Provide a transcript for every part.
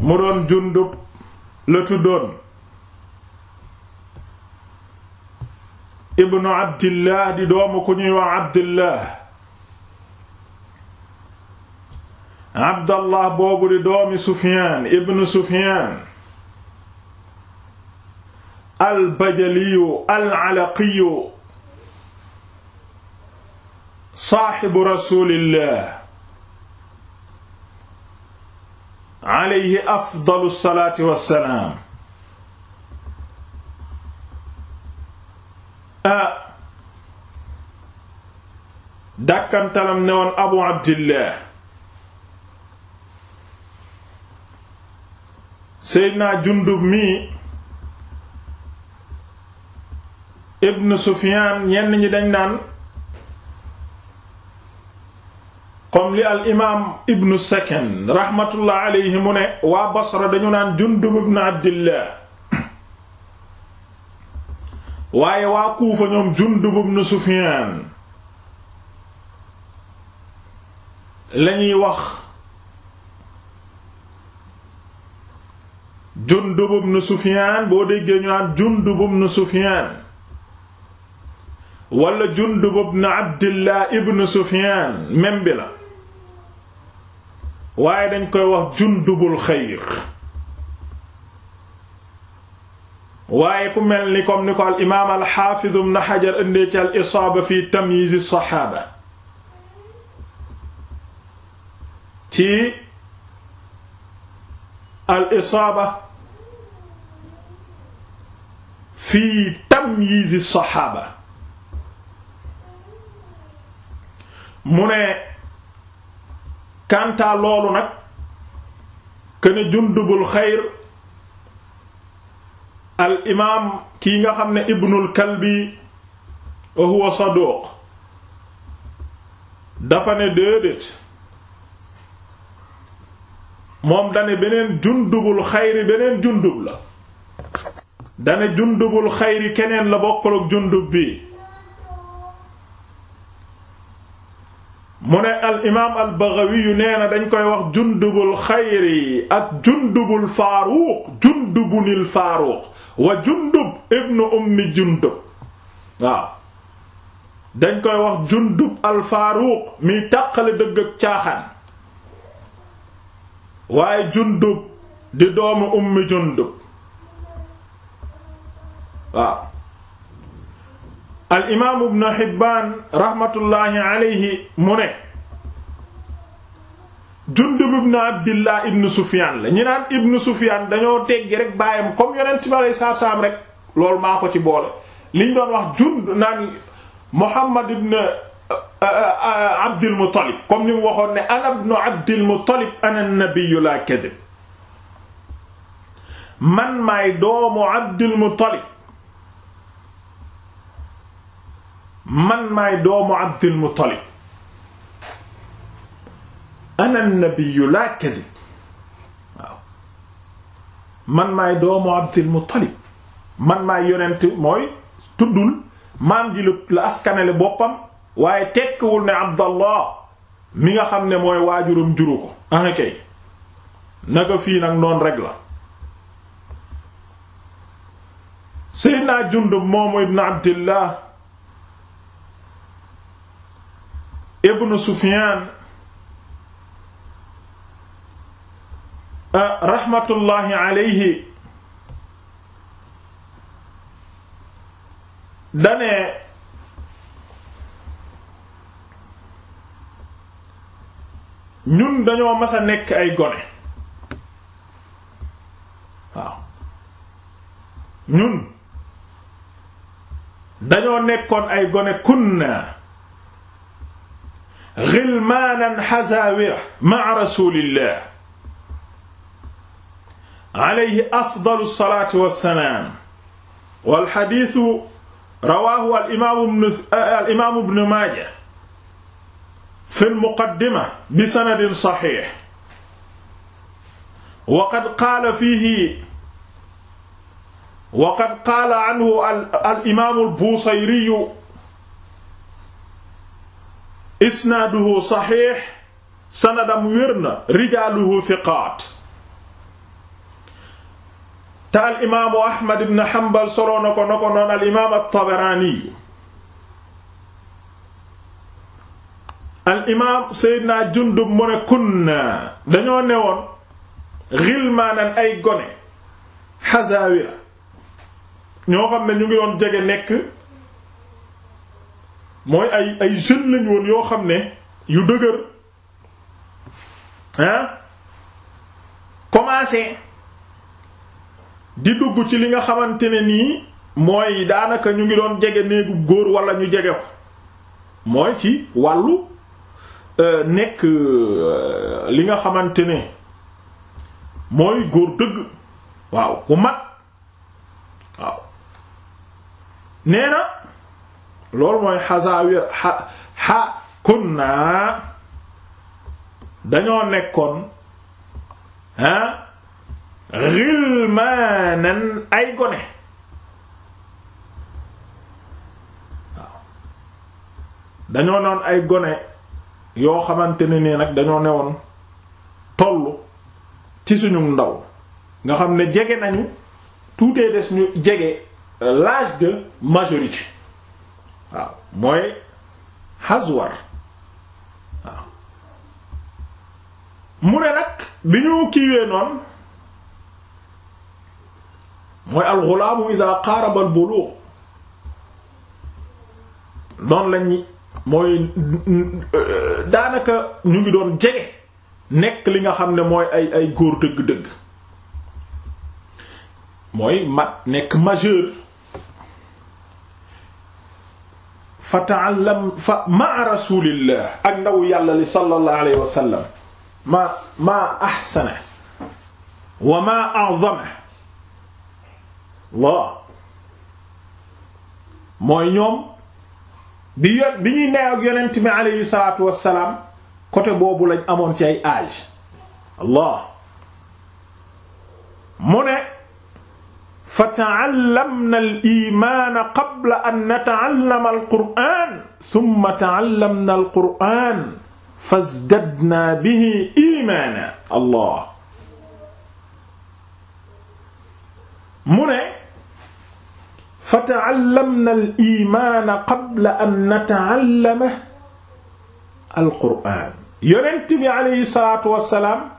mu doon jundub la tuddoon ibnu abdillah di doomu ku ñuy wax abdillah abdallah boobu di doomi sufiyaan ibnu sufiyaan albajaliyu alalaqiyu saaxibu rasulillah alayhi afdalu salaati wassalaam a dàkkantalam ne woon abu abdillah seydna jundub mi ibn sufiyaan ñenn ñi dañ naan comme li al imaam ibnu sakan rahmatullah alayhi mu ne waa basra dañu naan jundub ibnu abdillah waaye waa kuufa ñoom jundub ibnu sufyaan lañuy wax jundub ibnu sufyaan boo déggee ñu naan jundub ibnu sufyaan wala jundub ibnu abdillah ibnu sufyaan même bi la waaye dañ koy wax jundubul xayr waaye ku mel ni comme ni ko al imaam al xaafiz ibn Hajar indee al isaaba fi tamyiz as-saxaaba ci al isaaba fi tamyiz as-saxaaba mu kanta loolu nag kene jundubul xayr al imaam kii nga xam ne ibnul kalbi wa huwa saduq dafa ne déedéet moom dane beneen jundubul xayri beneen jundub la dane jundubul xayri keneen la bokkal ak jundub bi mu ne al imaam al Baghawi nee na dañ koy wax jundubul xayri ak jundubul faaruuq jundubunil faaruuq wa jundub ibnu ummi jundub waaw dañ koy wax jundub al faaruuq miy tàqale dëgg ak caaxaan waaye jundub di doomu ummi jundub waaw al imaam ibn Hibbaan rahmatullahi alayhi mu ne Jundub ibn Abdillah ibn Sufyaan la ñi naan ibn Sufyaan dañoo teggi rek baayam comme yonent bi alayhi salaatu salaam rek loolu maa ko ci boole liñ doon wax jund naan Muhammad ibn uh, uh, uh, Abdul Muttalib comme ni waxoon ne ana ibnu Abdul ana nabiyyu laa kadib man maay doomu Abdul man maay doomu Abdul man maay doomu Abdul Muttalib man maay yonent mooy tuddul maam ji la askanale boppam waaye tekkiwul ne Abdallah mi nga xam ne mooy waajuram juru ko ana kay naka fii nag noonu rek la Seydina Jundub moomu ibn Abdillah ibnu Sufyaan ah, raxmatullaahi alayhi dane ñun dañoo mas nekk ay gone ñun dañoo nekkoon ay gone kunna ghilmaanan hazaawira ma'a rasuulillah alayhi afdalu salaatu wa salaam wal hadiisu rawaahu al imaamu al imaamu ibnu Maaja fil muqaddima bi sanadin saxiix waqad qaala fiihi waqad qaala anhu al imaamu al Buusayri isnaaduhu saxiix sanadam wér na rijaaluhu thiqaat te al imaamu ahmad ibn hanbal soloo na ko al imaam at-tabaraani al imaam seydina jundub mu ne kunna dañoo newoon xilmaanan ay gone xazaawira ñoo xam ne ñu ngi doon jege nekk mooy ay ay jeunes lañ woon yoo xam ne yu dëgër hein commencé di dugg ci li nga xamante ne nii mooy daanaka ñu ngi doon jege néegu góor wala ñu jege ko mooy ci wàllu euh, nekk euh, li nga xamante ne mooy góor dëgg waaw ku mag waaw nee na loolu mooy xasaawi xa xa naa dañoo nekkoon ah xilmaanan ay gone waaw dañoo noon ay gone yoo xamante ne nii nag dañoo newoon tollu ci suñu ndaw nga xam ne jege nañu tuutee des ñu jege euh, l'âge de majorité waaw mooy Hazwar waaw mu ne nag bi ñu kiiwee noonu mooy alxulaamu ida qaaraba al buluux noonu lañ mooy daanaka ñu ngi doon jege nekk li nga xam ne mooy ay ay góor dëgg-dëgg mooy mat nekk majeur fa ta'allam fa ma rasulillah ak ndaw yàlla li sallallahu alayhi wa sallam ma ma ahsana wa ma a'zama la mooy ñoom bi yo bi ñuy neew ak yonent bi alayhi salatu wasalaam côté boobu lañ amoon ci ay âge Allah mu ne fa ta'allamna al-iimaana qabla an nata'allama al-qur'aan summa ta'allamna al-qur'aan fazdadnaa bihi iimaanan Allah mu ne fa ta'allamna al-iimaana qabla an nata'allama al-qur'aan yonent bi alayhi salaatu wa salaam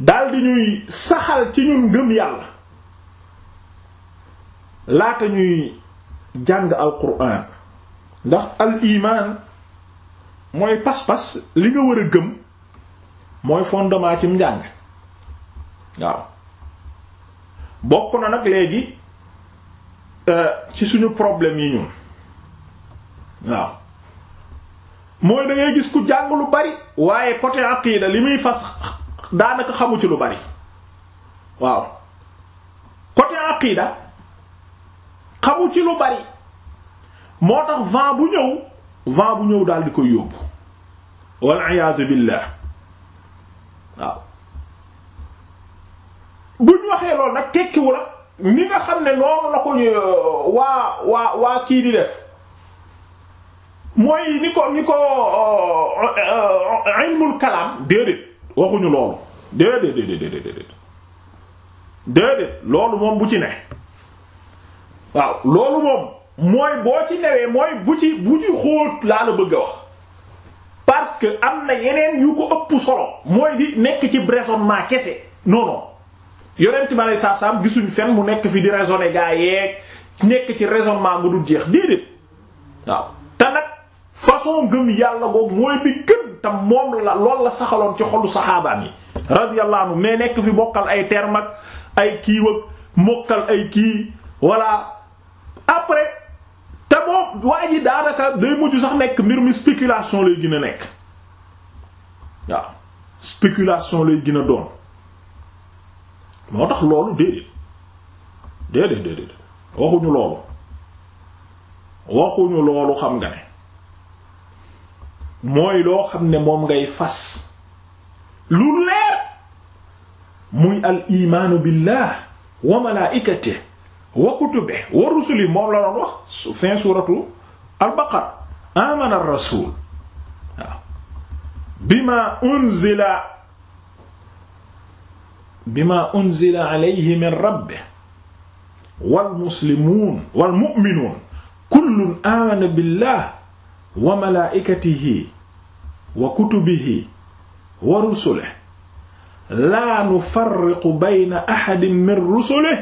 daal di ñuy saxal ci ñun ngëm yàlla laata ñuy jàng alquran ndax al iman mooy pas-pas li nga war a gëm mooy fondement cim njàng waaw bokk na nag léegi euh, ci suñu problème yi ñun waaw mooy da gis ku jàng lu bari waaye côté aqida li muy fas daanaka xamu ci lu bari waaw côté aqida xamu ci lu bari moo tax vent bu ñëw vent bu ñëw daal di koy yóbbu wal iyaadu billah waaw bu ñu waxee loolu nag tekkiwu la ni nga xam ne noonu la ko ñu euh, waa waa waa kii di def mooy ni ko ni ko euh, euh, ilmul kalaam déedéet waxuñu loolu déedéet déedéet déedéet loolu moom bu ci ne waaw loolu moom mooy boo ci newee mooy bu ci bu ci xóot laa la bëgg a wax parce que am na yeneen yu ko ëpp solo mooy di nekk ci raisonnement kese non non yonent ma lay saasam gisuñ fen mu nekk fi di raisonner gaa yeeg nekk ci raisonnement nga dul jeex déedéet waaw te nag façon gëm yàlla boog mooy bi gën tam moom la lool la saxaloon ci xolu saxaabaan yi radiyallahu anhu mais nekk fi bokkal ay terme ak ay kiiwag mokkal ay kii voilà après te moom waa ji daanaka day mujj sax nekk mbir mi spéculation lay gën a nekk waaw spéculation lay gina a doon moo tax loolu déedéet déedéet déedéet waxuñu loolu waxuñu loolu xam nga ne mooy loo xam ne moom ngay fas lu leer muy al imaanu billah wa malaa'ikati wa kutube wa rusuli moom la doon wax su fin suratu al baqara amana ar rasul waaw bima unzila bima unzila alayhi min rabbihi wal muslimuun wal mu'minuun kullun amana billah wa malaa'ikatihi wa kutubihi wa rusulihi laa nufarriqu bayna ahadin min rusulihi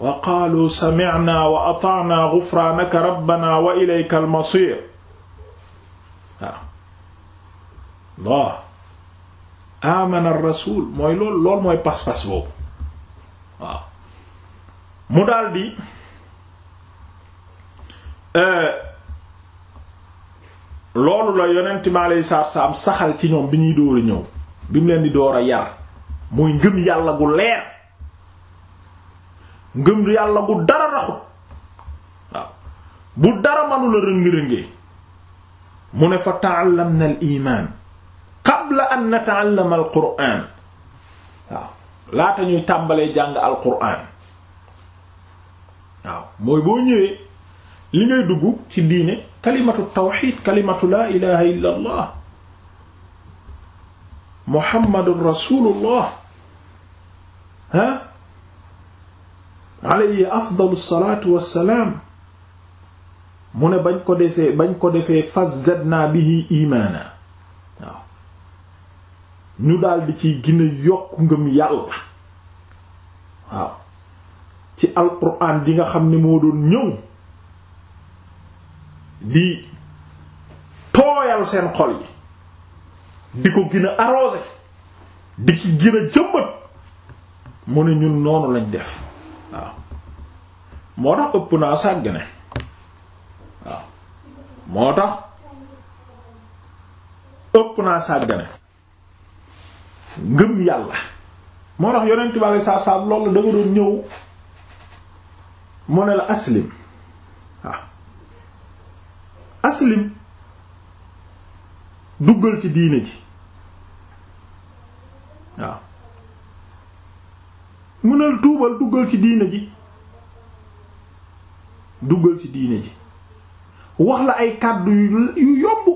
wa qaaluu sami'naa wa ata'naa ghufraanaka rabbanaa wa ilayka al-masiir Allah amana ar-rasuul mooy lool lool mooy pas-pas boobu waaw mu daldi Euh, loolu la yonent mi aleyhi salaatu saxal ci ñoom bi ñuy door a ñëw bi mu leen di door a yar muy ngëm yàlla gu leer ngëm yàlla gu dara raxut bu dara mënu la rëng mu ne fa ta'allamna al iman qabla an nata'allama al qur'an waaw laata ñuy tàmbalee jàng al qur'an waaw mooy boo ñëwee li ngay dugg ci diine kalimatu tawxid kalimatu laa ilaha illa allah muhammadun rasulullah ha alayhi afdalu salatu wassalaam mu ne bañ ko desee bañ ko defee fazdadna bihi imaana waaw ñu daldi ci gën a yokk ngëm yàlla waaw ci alquran di nga xam ne moo doon ñëw di tooyal seen xol yi di ko gën a di ki gën a mu ne ñun noonu lañ def waaw moo tax ëpp naa sàggane waaw moo tax ëpp naa sàggane ngëm yàlla moo tax yonent bi alei saatu salaam loolu dafa doon ñëw mu ne la aslim waaw aslim duggal ci diine ji waaw mënal tuubal duggal ci diine ji duggal ci diine ji wax la ay kàddu yu yomb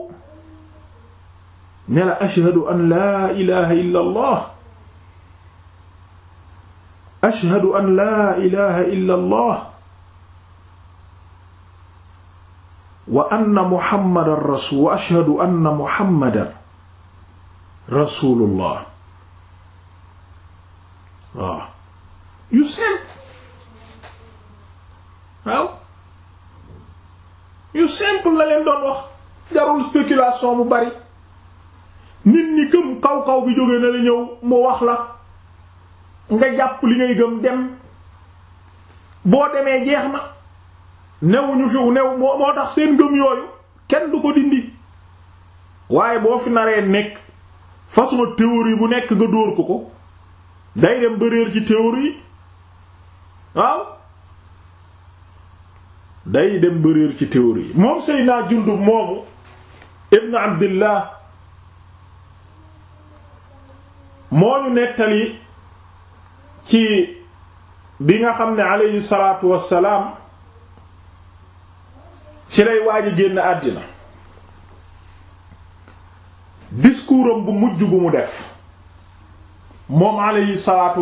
ne la ashhadu an laa ilaha illa allah ashhadu an laa ilaha illa allah wa anna muhammadan rasul wa ashhadu anna muhammadan rasulullah ah. waaw yu seen waaw la leen doon wax jarul spéculation bu bari nit ñi gëm kaw kaw bi jóge na la ñëw mu wax la nga jàpp li ngay gëm dem boo demee jeex na newuñu fi new moo moo tax seen gëm yooyu kenn du ko dindi waaye boo fi naree nekk façon théorie bu nekk nga dóor ko ko day dem bëréer ci théorie waaw day dem bëréer ci théorie moom Seydina Jundub moomu ibn Abdillah moo ñu nettali ci bi nga xam ne aleyhi salaatu wassalaam ci lay waaj a génn àddina discours am bu mujj bu mu def moom alayhi salaatu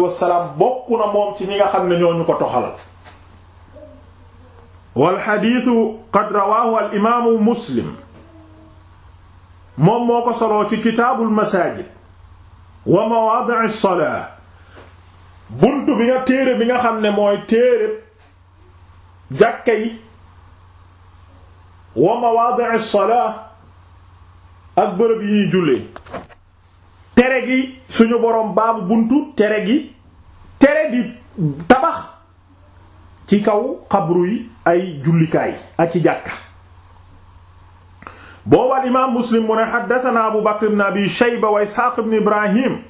moom ci ñi nga xam ne ñooñu ko toxalal wal xadiisu qad rawaahu al imaamu muslim moom moo ko soloo ci kitaabul masaajid wa mawaadi'i salaa bunt bi nga téere bi nga xam ne mooy téere jàkka yi wa mawaadi'i salaa ak bërëb yi ñuy tere gi suñu borom baabu buntu tere gi tere gi tabax ci kaw xabru yi ay jullikaay ak ci jàkka boobu al imaam muslim mu ne xaddatana abu bakr ibn abi shayba wa isxaaq ibn ibrahim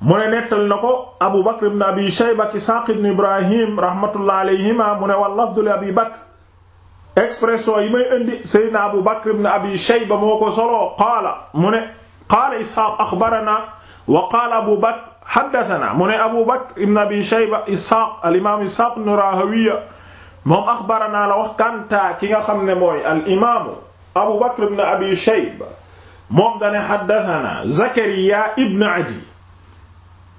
mu ne nettali na ko abu bakr ibn abi shayba ak isxaaq ibn ibrahim rahmatullah alayhima mu ne wal li abi bakr expression yi may indi Seydina Abu Bakr ibn Abi Shayba moo ko soloo qaala mu ne qaala Isxaaq axbarana wa qaala Abu Bakr haddathana mu ne Abu Bakr ibn Abi Shayba Isxaaq al-imaam Isxaaq ibn Raahawayh moom axbarana la wax kantaa ki nga xam ne mooy al-imaam Abu Bakr ibn Abi Shayba moom dane haddathana Zakariya ibn Adi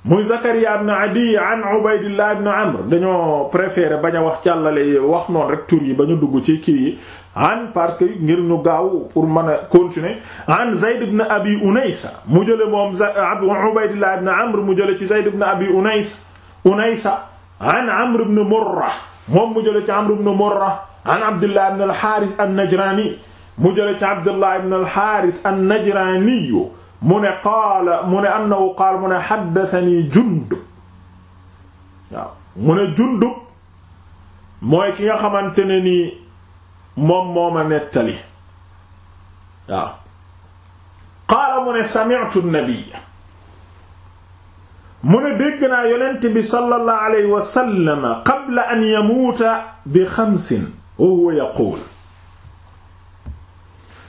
muy Zakaria ibn Adi an Ubaydillah ibn Amr dañoo préféré bañ a wax càllale wax noonu rek tur yi ba ñu dugg ci kii yi an parce que ngir ñu gaaw pour mën a continuer an Zayd ibn Abi Unaysa mu jële moom Ubaydillah ibn Amr mu jële ci Zayd ibn Abi Unays Unaysa an Amr ibn Murra moom mu jële ci Amr ibn Murra an Abdullah ibn al-Harith an-Najrani mu jële ci Abdullah ibn al-Harith an-Najrani mu ne qaala mu ne annahu qaala mu ne xaddatani jundub waaw mu ne jundub mooy ki nga xamante ne nii moom moo ma nettali waaw qaala mu ne sami'tu nabiyya mu ne dégg naa yonent bi sallallahu alayhi wa sallam qabla an yamuuta bi xamsin wa huwa yaquul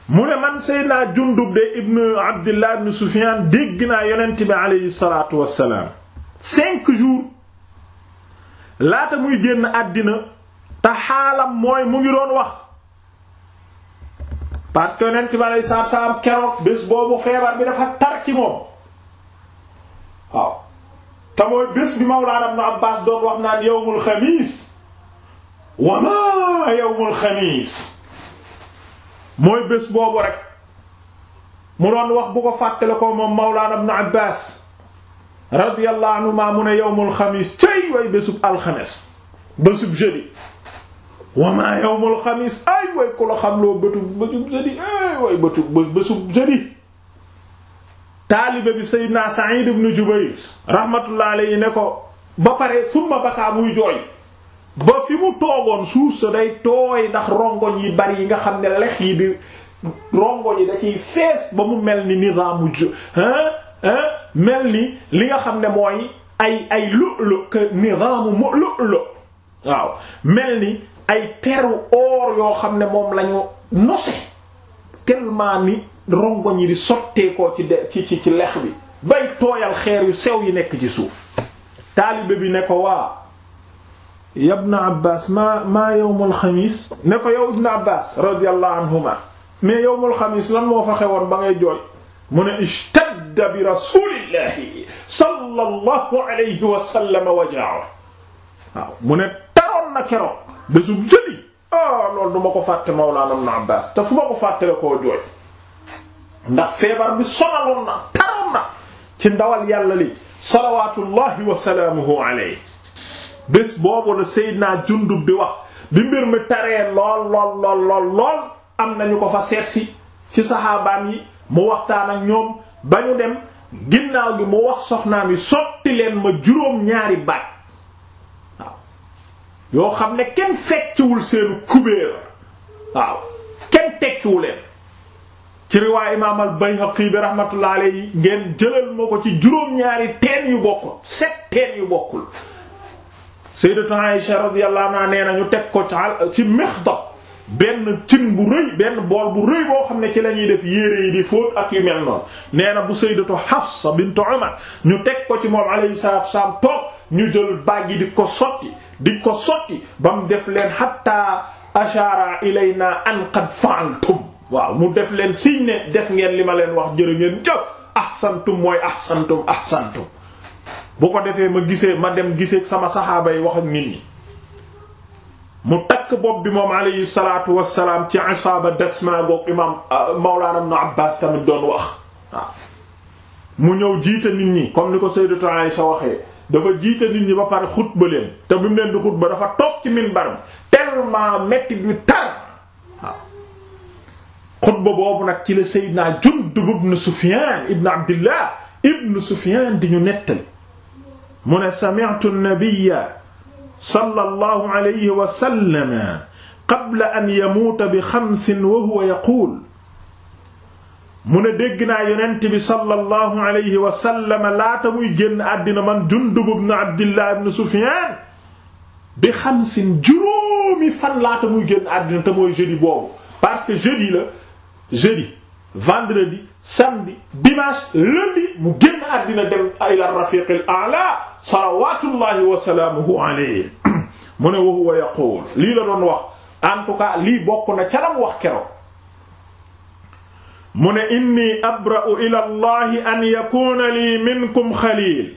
mu ne man Seydina Jundub de ibn Abdillah ibn Sufyan dégg naa bi aleyhi salaatu wassalaam cinq jours laata muy génn àddina te xaalam mooy mu ngi doon wax parce que bi aleyhi salaatu wassalaam keroog bés boobu feebar bi dafa tar moom waaw bés bi Mawlaana Ibn Abbaas doon wax naan yawmul xamiis wa maa yawmul mooy bés boobu rek mu doon wax bu ko fàttale ko moom Mawlaana Ibn Abbaas radiyallahu anhuma mu ne yawmul xamiis cëy way bésub alxames bésub jeudi wamaa yawmul xamiis ay way ku la xam loo bëtu bésub jeudi ay way bëtu bésub jeudi taalibe bi Seydina Sa'iid ibn Jubayr rahmatullahi alayhi ne ko ba pare summa bakaa muy jooy ba fi mu toogoon suuf sa day tooy ndax rongoñ yi bari yi nga xam ne lex yi di rongoñ yi da ciy fees ba mu mel ni nizaamu ju hein hein mel ni li nga xam ne mooy ay ay lu'lu que ni ay peru or yoo xam ne moom lañu nose tellement ni rongoñ yi di sotteekoo ci ci lex bi bay tooyal xeer yu sew yi nekk ci suuf taalibe bi ne ko waa yabna abbas maa maa yowmul xamis ne ko yow ibna abbas radiallahu anhuma mais yowmul xamis lan moo fa xewoon ba ngay jooy mu ne ishtadda bi rasulillahi sallallahu alayhi wa sallam wajaa waaw mu ne taroon na keroog bésub jëli ah loolu du ma ko fàtte mawlaana ibn abbas te fu ma ko fàttale koo jooy ndax feebar bi sonaloon na taroon na ci ndawal yàlla li salawatullahi wa salaamuhu alayhi bés boobu la Seydina Jundub di wax bi mbir mi taree lool lool lool lool lool am nañu ko fa seetsi ci saxaabaam yi mu waxtaan ak ñoom ba ñu dem ginnaaw gi mu wax soxnaam yi sotti leen ma juróom ñaari baat waaw yoo xam ne kenn fecciwul seenu kubéer waaw kenn tekkiwu leen ci riwaay imaam al Bayhaqi bi rahmatullah alayhi ngeen jëlal ma ko ci juróom ñaari teen yu bokkul sept teen yu bokkul sayyidatu Aisha radiyallahu anha nee na ñu teg ko ci mixdab benn cin bu rëy benn bool bu rëy boo xam ne ci la ñuy def yére yi di fóot ak yu mel noonu nee na bu sayyidatu Hafsa bint Umar ñu teg ko ci moom alayhi salaatu toog ñu jël baag yi ko sotti di ko sotti ba mu def leen hatta ashara ilayna an qad fa'altum waaw mu def leen signe ne def ngeen li ma leen wax jërë ngeen jëf ahsantum mooy ahsantum ahsantum boo ko defee ma gisee ma dem gisee sama saxaaba yi wax ak nit ñi mu takk bopp bi moom alayhi salaatu wassalaam ci isaaba desma goog imaam euh, mawlaana ibn Abbaas tamit doon wax mu ñëw jiite nit ñi comme ni ko sayyidatu sa waxee dafa jiite nit ñi ba pare xutba leen te mu leen di xutba dafa toog ci minbar tellement mettit bi tar xutba boobu nag ci la Seydina dugub ibn Sufyaan ibn Abdillah ibn Sufyaan di ñu nettali mu ne sami'tu an-nabiyya sallallahu alayhi wa sallam qabla an yamuuta bi xamsin wa huwa yaquul mu ne dégg naa yonent bi sallallahu alayhi wa sallam laata muy génn àddina man Jundub ibn Abdillah ibn Sufyaan bi xamsin juróomi fan laata muy génn àddina te mooy jeudi boobu parce que jeudi la jeudi vendredi samedi dimanche lundi mu génn àddina dem ila rafiq al a'la salawatullahi wa salaamuhu alayhi mu ne wa huwa yaqul lii la doon wax en tout cas lii bokk na ca lam wax kero mu ne inni abra'u ila allahi an yakuna li minkum xalil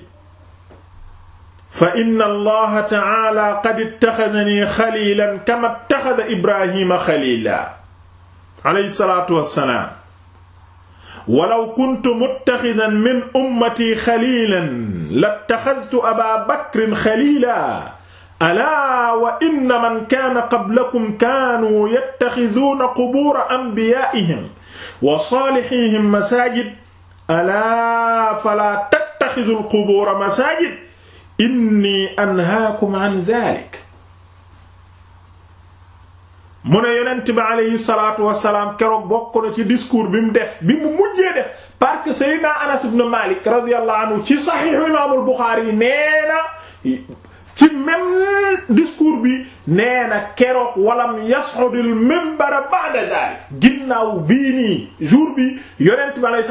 fa inna allaha ta'ala qad ittaxadani xalilan kama ittaxada ibrahima xalila alayhi salaatu wassalaam walaw kuntu muttaxidan min ummati xalilan lattaxadtu aba bakrin xalila alaa wa inna man kaana qablakum kaanuu yattaxiduuna qubuura anbiyaa'ihim wa saalihiihim masaajid alaa falaa tattaxidul qubuura masaajid innii anhaakum an daalik mu ne yonent bi aleyhi salaatu wasalaam keroog bokk ci discours bi mu def bi mu mujjee def parce que Seydina Anas ibn Malik radiyallahu anhu ci saxiixu imaamul Buxaari yi nee ci même discours bi nee keroog walam yas'udul minbara ba'da daalik ginnaaw bii nii jour bi yonent bi aleyhi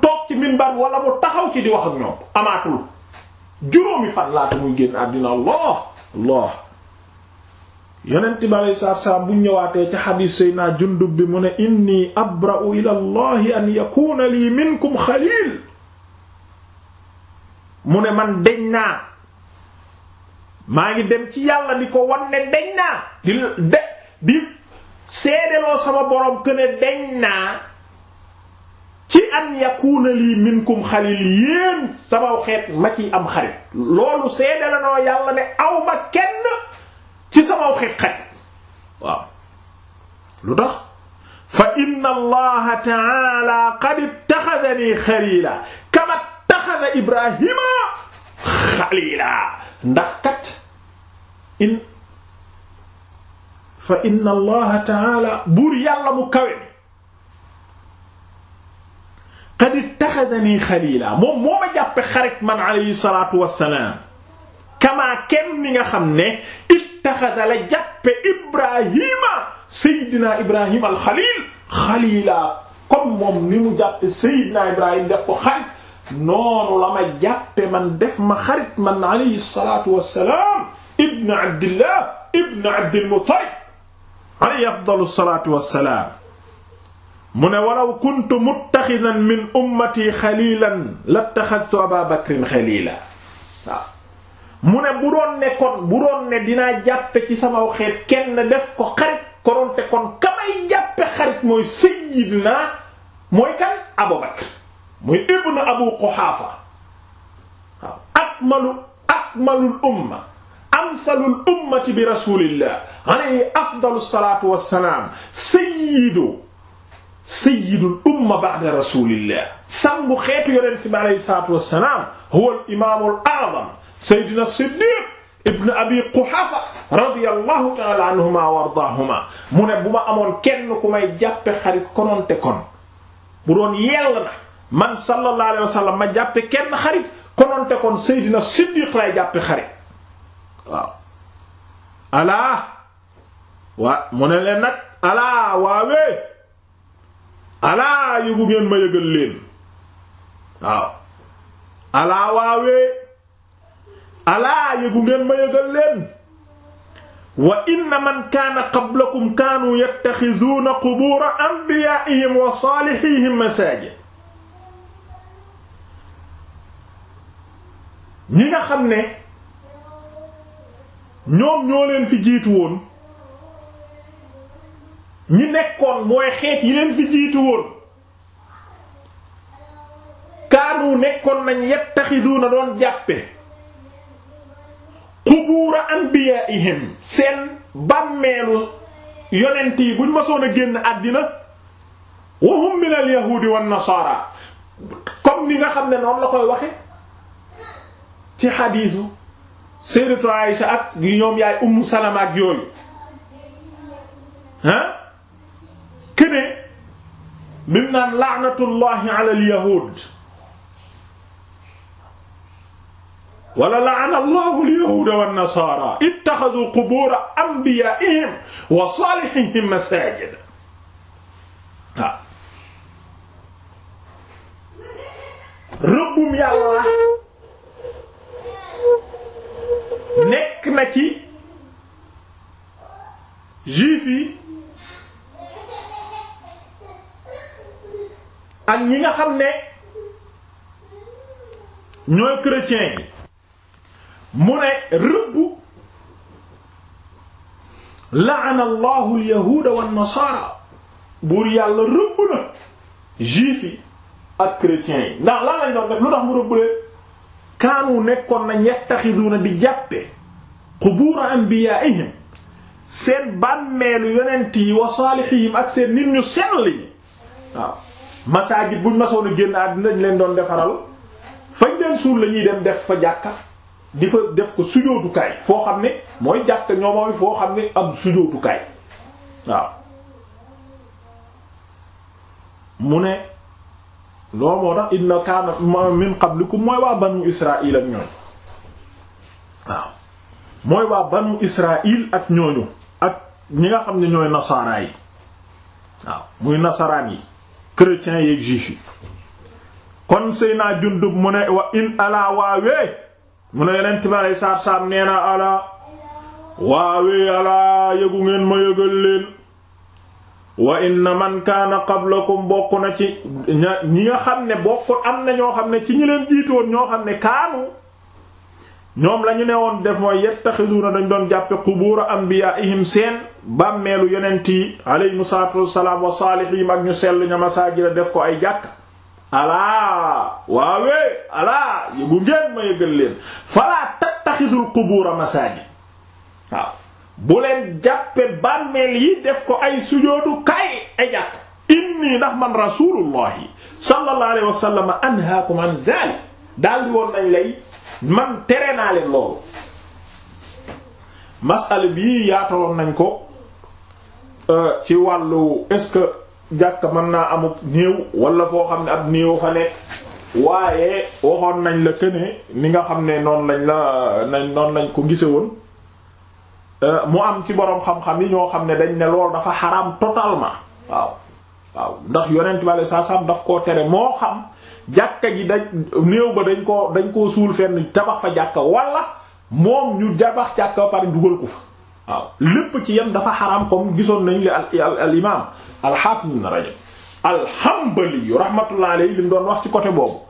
toog ci minbar wala mu taxaw ci di wax ak ñoom amaatul juróomi fan laata Allah Allah yonent bi aleyhi salaatu bu ñëwaatee ci xadiis Seydina Jundub bi mu ne inni abra'u ila llahi an yakuna lii minkum xaliil mu ne man deñ naa maa ngi dem ci yàlla di ko wan ne deñ naa di de di seedeloo sama boroom que ne deñ naa ci an yakuna lii minkum xaliil yéen sama xeet ma ciy am xarit loolu seede la noo yàlla ne awma kenn ci samaw xet xaj waaw lu tax fa inna allaha taala qad ittaxadani xalila kama ittaxada ibrahima xalila ndax kat in fa inna allaha taala buur yàlla mu kawe qad ittaxadani xalila moom moo ma jàppe xarit man alayhi salatu wasalaam kama kenn ni nga ittaxada la jàppe ibrahima saydina ibrahima al xalil xalila comme moom ni mu jàppe saydina ibrahima def ko xarit noonu la ma jàppe man def ma xarit man alayhi salatu wassalam ibn abdillah ibn abdil muttalib alayhi afdalu salatu wassalam mu ne walaw kuntu muttaxidan min ummati xalilan lattaxadtu aba bakrin xalila waaw mu ne bu doon ne kon bu doon ne dinaa jàppe ci sama xeet kenn def ko xarit koronte kon kamay jàppe xarit mooy sayyidina mooy kan Abu Bakr mooy ibn Abu Quhafa waaw akmalu akmalul umma amsalul ummati bi rasulillah alayhi afdalu salatu wassalam sayyidu sayyidul umma ba'da rasulillah sangu xeetu yonent bi alayhi salatu wassalam huwa al imamul a'zam Seydina Siddiq ibn Abi Quhafa radiyallahu ta'ala anhuma wa ardaahuma mu bu ma amoon kenn ku may jàppe xarit kononte kon bu doon yell na man sallallahu alayhi wa jàppe kenn xarit kononte kon alaa waa mu ne ma yëgal leen alaa waawee alaa yëgu ngeen ma yëgal leen wa inna man kaana qablakum kaanu yattaxizuuna qubuura anbiyaa'ihim wa saalihihim masaajid ñi nga xam ne ñoom ñoo leen fi jiitu ñi nekkoon mooy xeet yi leen fi jiitu kaanu nekkoon nañ yattaxizuuna doon jàppe xubuura anbiyaa'ihim seen bàmmeelu yonent yi buñ masoon a génn àddina wa hum min al yahuudi nasaara comme ni nga xam ne noonu la koy waxe ci xadiisu sayyidatu Aïsha ak ñoom yaay ummu Salama ak yooyu kene bim naan la'natullahi ala al wala la'ana allahu al-yahuuda wan-nasaara ittaxaduu qubuura anbiyaa'ihim wa saalihihim masaajid waaw rëbbum yàlla nekk na ci juif yi ak ñi nga xam ne ñooy chrétien yi mu ne rëbb laana allahu alyahuuda wannasaara buur yàlla rëbb na juif yi ak chrétiens yi ndax lan lañ doon def lu tax mu rëbb leen kaanu nekkoon nañ yattaxiduuna bi jàppe qubuura anbiyaa'ihim seen bàmmeelu yonent yi wax saalihihim ak seen nit ñu sell yi waaw masaajid buñ masoon a génn àddina leen doon defaral fa leen suul la ñuy dem def fa jàkka di fa def ko sujootukaay foo xam ne mooy jàkk ñoom foo xam ne am sujootukaay waaw mu ne loolu moo tax inna kaana min qablikum mooy waa ak ñooñu waaw mooy waa banu israil ak ñooñu ak ñi nga xam ne ñooy nasaraa yi waaw muy nasaraan yi chrétiens yeeg juifs yi kon sëy naa jundub mu ne wa in ala waawee mu ne yonent bi alei saatu salaam nee na alaa waawee alaa yëgu ngeen ma yëgal leen wa inna man kaana qablakum bokk na ci ñi nga xam ne bokk am na ñoo xam ne ci ñi leen jiitoon ñoo xam ne kaanu ñoom lañu ne woon def mooy yattaxiduuna dañ doon jàppe qubuura anbiyaa'ihim seen bàmmeelu yonent yi aleyhimu salaatu salaam wa saalihiim ak ñu sell ña masaajida def ko ay jàkk alaa waawe alaa yëgu ngeen ma yëgal leen falaa tattaxidul qubuura masaajid bu leen jàppe bàmmeel yi def ko ay sujoodu kay ay jàkk inni ndax man rasulullahi sallallahu alayhi wasallam anhaakum an dhalik daal di lay man tere naa leen loolu masala bii yaataloon nañ ko euh, ci wàllu est-ce jàkka mën naa amuk néew wala foo xam ne ab néew fa nekk waaye waxoon nañ la këne ni nga xam ne noonu lañ la noon lañ ko gise woon euh, mu am ci boroom xam-xam yi ñoo xam ne dañ ne loolu dafa xaraam totalement waaw waaw ndax yonent bale saa sam daf koo tere moo xam jàkka ji dañ néew ba dañ koo dañ koo suul fenn tabax fa jàkka wala moom ñu jabax jàkka ba pare dugal ko fa waaw lépp ci yem dafa xaraam comme gisoon nañ li al al imaam al-Hafiz ibn Rajab al-Hanbali rahmatullah alayhi li mu doon wax ci côté boobu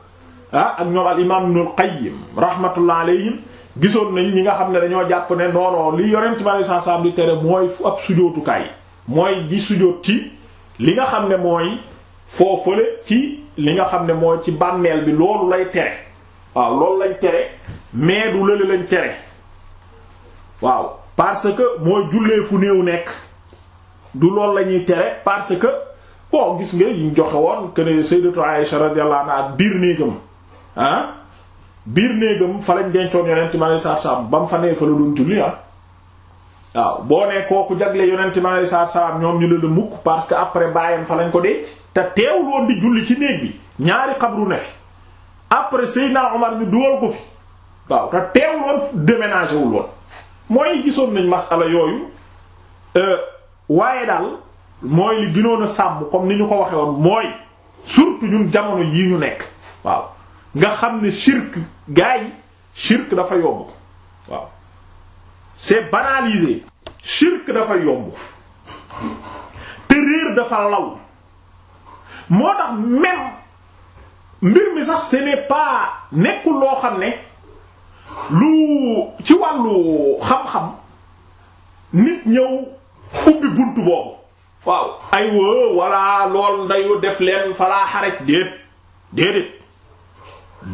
ah ak ñoom al imam Ibn al-Qayyim rahmatullah alayhim gisoon nañ ñi nga xam ne dañoo jàpp ne non non li yonent bi alayhi salaam di tere mooy fu ab sujootukaay mooy di sujoot ci li nga xam ne mooy foofale ci li nga xam ne mooy ci bàmmeel bi loolu lay tere waaw loolu lañ tere mais du lële lañ tere waaw parce que mooy jullee fu néew nekk. du lool la ñuy tere parce que bon gis nga yiñ joxe woon que ne sayyidatu Aisha radiyallahu anha biir néegam ah biir néegam fa lañ dencoon yonent ma lay saab ba mu fa nee fa la doon julli ah waaw boo ne kooku jagle yonent ma lay saab ñoom ñu ne la mukk parce que après baayam fa lañ ko denc te teewul woon di julli ci néeg bi ñaari xabru ne fi après Seydina Omar ñu duwal ko fi waaw te teewul woon déménagé wul woon mooy gisoon nañ yooyu. Euh, waaye daal mooy li gënoon a sàmm comme ni ñu ko waxe woon mooy surtout ñun jamono yi ñu nekk waaw nga xam ne shirk gaa yi shirk dafa yomb waaw c'est banalisé shirk dafa yomb te réer dafa law moo tax même mbir mi sax ce n'est nekkul loo xam ne lu ci wàllu xam-xam nit ñëw ubbi buntu boobu waaw ay wa walla lool ndayu def leen falaa xaraj déet déedéet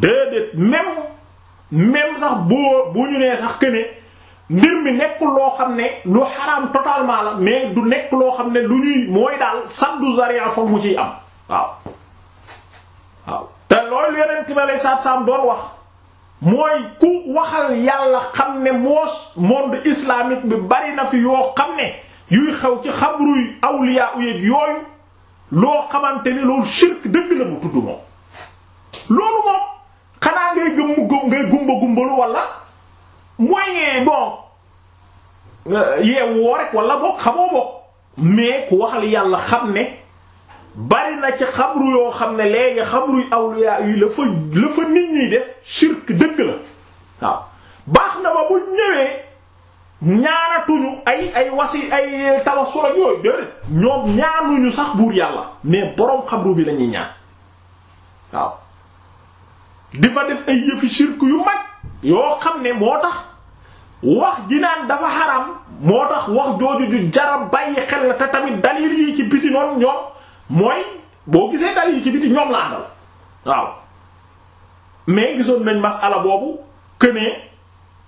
déedéet même même sax boo bu ñu nee sax que ne mi nekk loo xam ne lu xaraam totalement la mais du nekk loo xam ne lu ñuy mooy daal saddu zaria foog mu ciy am waaw waaw te loolu yeneen tibale saat saam doon wax mooy ku waxal yàlla xam ne moos monde islamique bi bari na fi yoo xam ne yuy xew ci xabruy awliya yeeg yooyu loo xamante ni loolu shirk dëgg la mu tudd moom loolu moom xanaa ngay gëm gëm ngay gumba gumbalu wala moyen bon euh, yeewoo rek wala boog xamoo boog mais ku waxal yàlla xam ne bari na ci xabru yoo xam ne léegi xabruy awliya yi la fa la fa nit ñiy def shirk dëgg la waaw baax na ba bu ñëwee ñaanatuñu ay ay wasi ay tawassul ak yooyu ñoom ñaanuñu sax buur yàlla mais boroom xabru bi lañuy ñaan waaw di def ay yëfi sirku yu mag yoo xam ne moo tax wax ji dafa xaram moo tax wax jooju ju jara bàyyi xel la te tamit dalil yi ci biti noonu ñoom mooy boo gisee dalil ci biti ñoom la àndal waaw mais gisoon nañ masala boobu que ne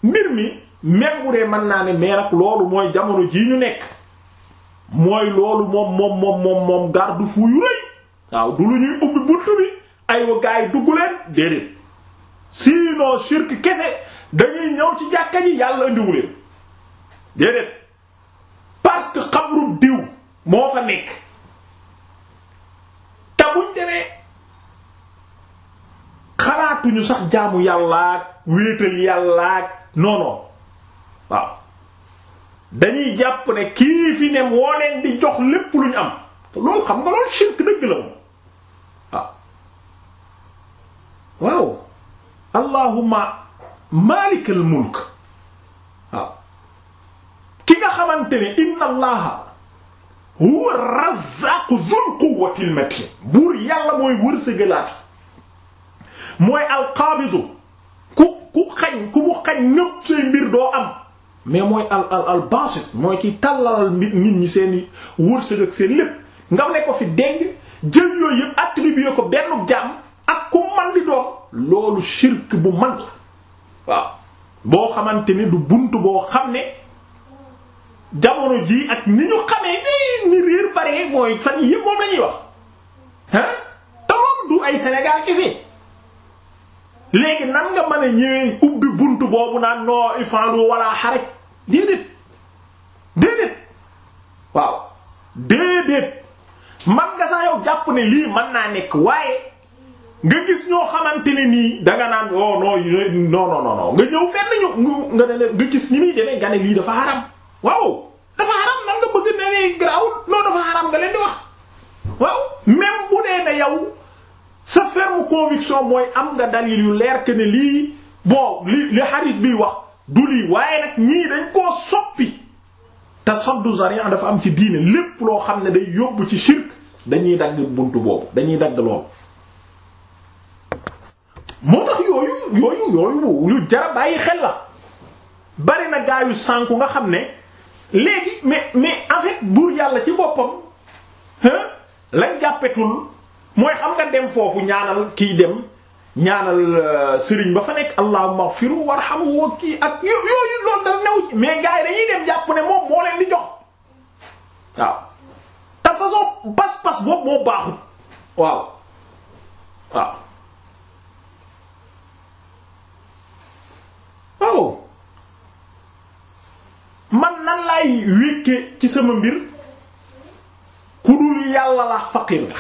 mi même bu mën naa ne mais loolu mooy jamono jii ñu nekk mooy loolu moom moom moom moom moom garde-fou waaw du lu ñuy ubbi bunt bi aywa gars dugg leen déedéet sinon shirk kese dañuy ñëw ci jàkka ji yàlla indiwu leen déedéet parce que xabru diw moo fa nekk te buñ demee xalaatuñu sax jaamu yàllaak wéetal yàllaak non non waaw dañuy jàpp ne kii fi ne moo leen di jox lépp lu am te loolu xam nga loolu shirk dëgg la moom waaw allahumma malikal mulk ki nga xamante ni inna allaha huwa razzaqu dhul quwwatil matin buur yàlla mooy wërsëgalaat mooy alqaabidu ku ku xañ ku mu xañ ñëpp say mbir doo am mais mooy al al al basit mooy ki tallalal nit ñi seen wërsëg ak seen lépp nga ne ko fi dégg jël yooyu yëpp attribué ko benn jàmm ak ku man di doom loolu shirk bu mag la waaw boo xamante ni du bunt boo xam ne jamono jii ak ni ñu xamee ni ni réer bare mooy fan yëpp moom lañuy wax hein te du ay Sénégal kese léegi nan nga mën a ñëwee ubbi bunt boobu naan noo ifaalu wala xaraj déedéet déedéet waaw déedéet man nga sax yow jàpp ne lii mën naa nekk waaye nga gis ñoo xamante ne nii danga naan oh non non non non nga ñëw fenn ñu nga ne nga gis ñi muy demee nga ne lii dafa haram waaw dafa haram nan bëgg ne ne garaawul non dafa haram nga leen di wax waaw même bu dee ne yow. sa ferme conviction mooy am nga dalil yu leer que ne lii bon li li xadis biy wax du lii waaye nag ñii dañ koo soppi te saddu zari'a dafa am ci diine lépp loo xam ne day yóbbu ci shirk dañuy dagg bunt boobu dañuy dagg loolu moo tax yooyu yooyu yooyu lu jara bàyyi xel la bari na gaayu sànku nga xam ne léegi mais mais en fait buur yàlla ci boppam hein lañ jàppetul mooy xam nga dem foofu ñaanal kiy dem ñaanal euh, sëriñ ba fa nekk allahumma firu warhamu wa kii ak yooyu loolu dara new ci mais gars yi dem jàpp ne moom moo leen di jox waaw te façon pas-pas boobu moo baaxut waaw waaw man nan laay wékkee ci sama mbir ku dul yàlla la faqir nga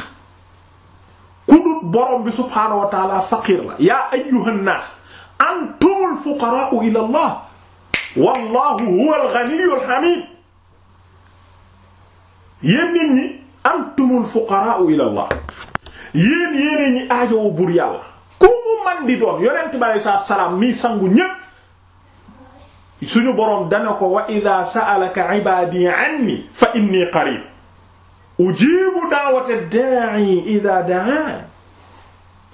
kudut borom bi subhaanahu wa taala faqir la yaa ayyuhan naas antumul fuqaraa'u ila allah wallahu huwal ghaniyyul hamiid yéen nit ñi antumul fuqaraa'u ila allah yéen yéen ñi aajowu buur yàlla ku mu man di doon yonent bi alayhi salaatu salaam mii sangu ñépp suñu boroom dana ko wa idaa sa'alaka ibaadii anni fa innii qariib ujibu daawata daa'i idha da'an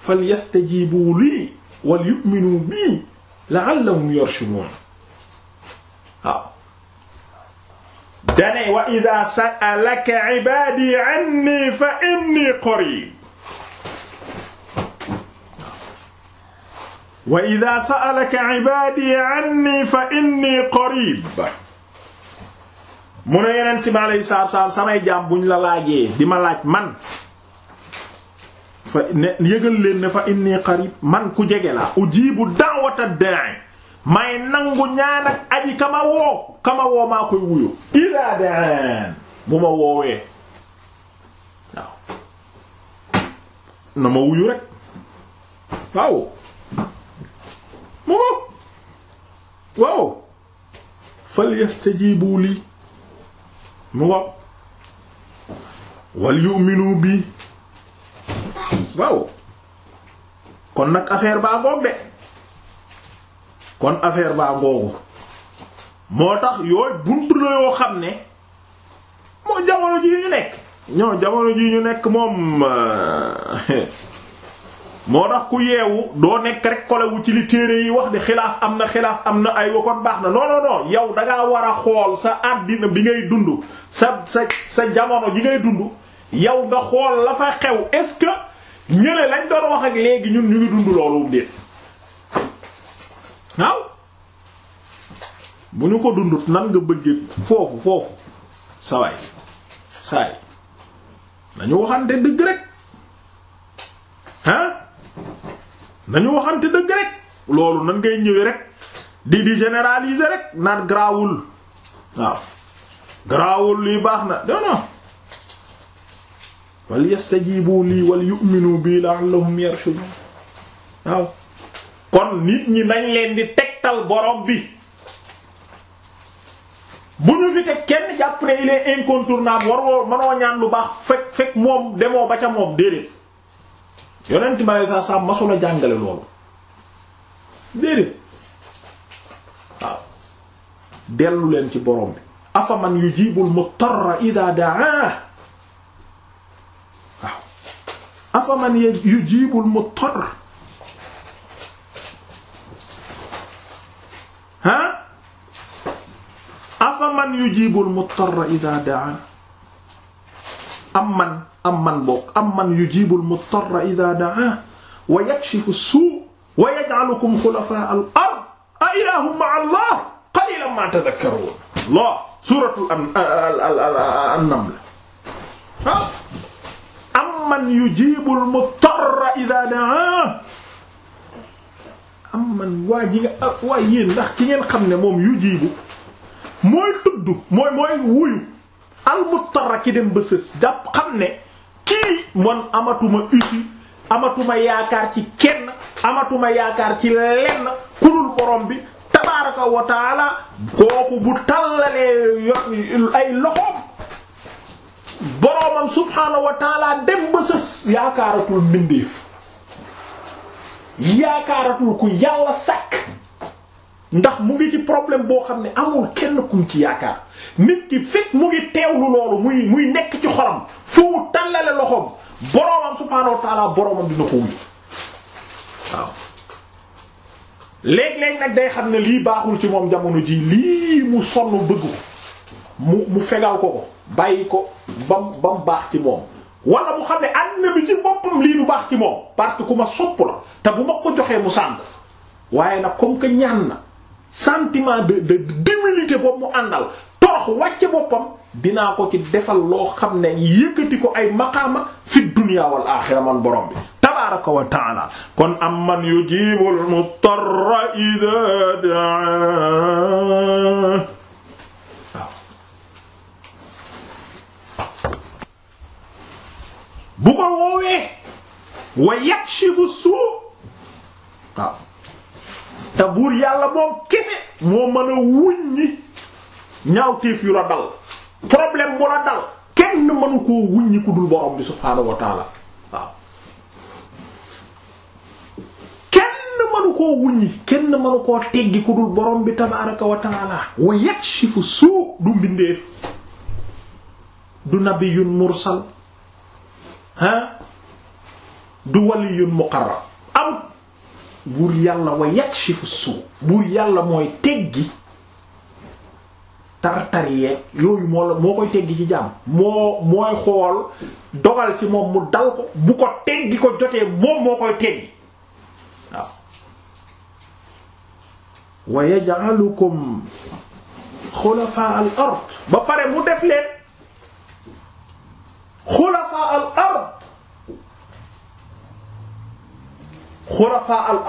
falyastajibu lii wal yu'minu bii la'allahum yarshudun waaw dane wa idha sa'alaka ibadi anni fa inni qarib wa idha sa'alaka ibadi anni fa inni qarib mu ne yeneen ci ma saar saar samay jaam buñ la laajee di ma laaj man fa ne yëgal leen ne fa inni qarib man ku jege laa ujibu may nangu ñaan ak aji kama woo maa koy wuyu ila da'an bu ma woowee waaw na ma wuyu rek waaw mu ma waaw fal yastajibu lii mu ngo wal yu'minu bi waaw kon nag affaire baa ngoog de kon affaire baa ngoogu moo tax yooyu buntu la yoo xam ne moo jamono ji ñu nekk ñoo jamono ji ñu nekk moom euh, moo tax ku yeewu doo nekk rek kolewu ci li téere yi wax di xilaaf am na xilaaf am na ay wakon baax na non non non yow da ngaa war a xool sa àddina bi ngay dund sa sa sa jamono ji ngay dund yow nga xool la fa xew est-ce que ñële lañ doon wax ak léegi ñun ñu ngi dund loolu déet waaw bu ñu ko dundut nan nga bëggee foofu foofu sawaay saay dañu waxante dëgg rek nañu waxante dëgg rek loolu nan ngay ñëwee rek di di généraliser rek naan garaawul waaw garaawul lii baax na non non wal yastajibu lii wal yu'minu bi la'allahum yarshudun waaw kon nit ñi nañ leen di tegtal boroom bi bu ñu fi teg kenn jàpp ne il est incontournable waroo mënoo ñaan lu baax fekk fekk moom demoo ba ca moom déedéet yonent ma ne saa saa masula jàngale loolu dellu leen ci borom bi afaman yujibul yu idha da'ah waaw afaman yujibul muttarra ha afaman yujibul muttarra da'ah am man bokk am man yujibul muttarra idha da'ah wa yakshifu as-su' wa yaj'alukum khulafa' al-ard a ilahum ma'a allah qalilan ma tadhakkarun Allah suratul an-naml amman yujibul muttarra idha da'ah am man waa ji nga ak ah, waay yéen ndax ki ngeen xam ne moom yu jiibu mooy tudd mooy mooy wuyu al muttarra ki dem ba sës jàpp xam ne kii man amatuma usi amatuma yaakaar ci kenn amatuma yaakaar ci lenn kulul borom bi tabaaraka wa taala bu tallalee yor ay loxoom boromam subhaanahu wa taala dem ba sës yaakaaratul mbindeef yaakaaratul ku yàlla sàkk ndax mu ngi ci problème boo xam ne amul kenn kum ci yaakaar nit ki fekk mu ngi teewlu loolu muy muy nekk ci xolam fu tàllale loxoom boroomam subhaanahu wa ta'ala boroomam dina ko wuyu waaw léeg-léeg nag day xam ne lii baaxul ci moom jamono ji lii mu sonn bëgg ko mu fegal ko ko bàyyi ko bam bam baax ci moom wala mu xam ne àddina bi ci boppam lii du baax ci moom parce que ku ma sopp la te bu ma ko joxee mu sànk waaye nag comme que ñaan na sentiment de de d'humilité boobu mu àndal torox wàcce boppam dinaa ko ci defal loo xam ne yëkkati ko ay maqaama fi dunya wal axira man borom bi tabaraka wa taala kon am man yujibul mutarra idha daa bu ko woowee wa yakshifu waaw te buur yàlla moom kese moo mën a wuññi ñaaw téef yu la dal problème bu la dal kenn mënu koo wuññi ku dul borom bi subhaanahu wa taala waaw kenn mënu koo wuññi kenn mënu koo teggi ku dul borom bi tabaaraka wa taala wa yakshifu du mbindeef du nabiyun mursal ha du waliyun muqarrab amut buur yàlla wa yakshifu suu buur yàlla mooy teggi tartariyee yooyu moo la moo koy teggi ci jàmm moo mooy xool dogal ci moom mu dal ko bu ko teggi ko jotee moom moo koy teggi waaw wa yaj'alukum xulafaa al ba pare mu def leen xulafaa al ard xulafaa al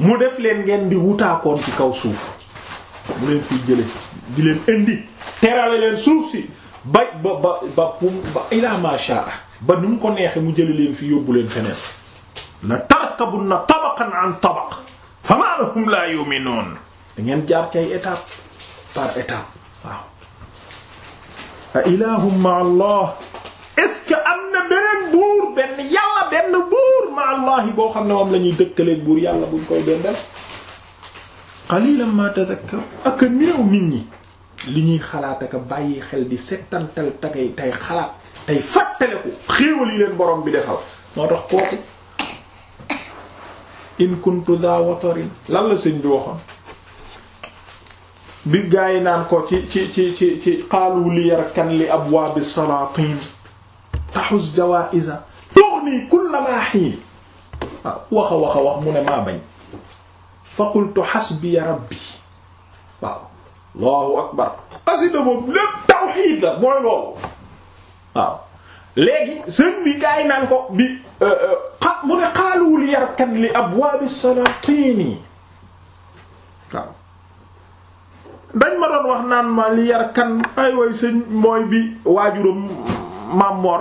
mu def leen ngeen di wutaakoon ci kaw suuf mu leen fiy jële di leen indi terale leen suuf si ba ba ba ba ba ma shaa ba nu mu ko neexee mu jële leen fi yóbbu leen feneen la tarkabunna tabaqan an tabaq fama lahum la yu'minun da ngeen jaar ci ay étape par étape waaw a ilahum ma allah est-ce que am na beneen buur benn yàlla benn buur ma allahi boo xam ne moom la ñuy dëkkaleeg buur yàlla buñ koy dendal qalilan ma ñuy xalaat ak bàyyi xel di settantal takay tey xalaat tey bi defal moo tax kooku in kuntu da watarin lan la bi waxoon bi gaa naan ko ci ci ci ci ci qaalu li yarkan li abwaabi salaatin taxus jawaa'iza tughni kulla ma hiin ah, waxa waxa wax mu ne maa bañ fa qultu hasbiya rabbi waaw allahu akbar xasida moom lépp tawxiid la mooy loolu waaw léegi sëñ bi gaay naan ko bi euh, euh, xa mu ne xaalu li yarkan li abwaabi salaatini waaw dañ ma doon wax naan ma li yarkan ay way sëñ mooy bi waajuram maam Mor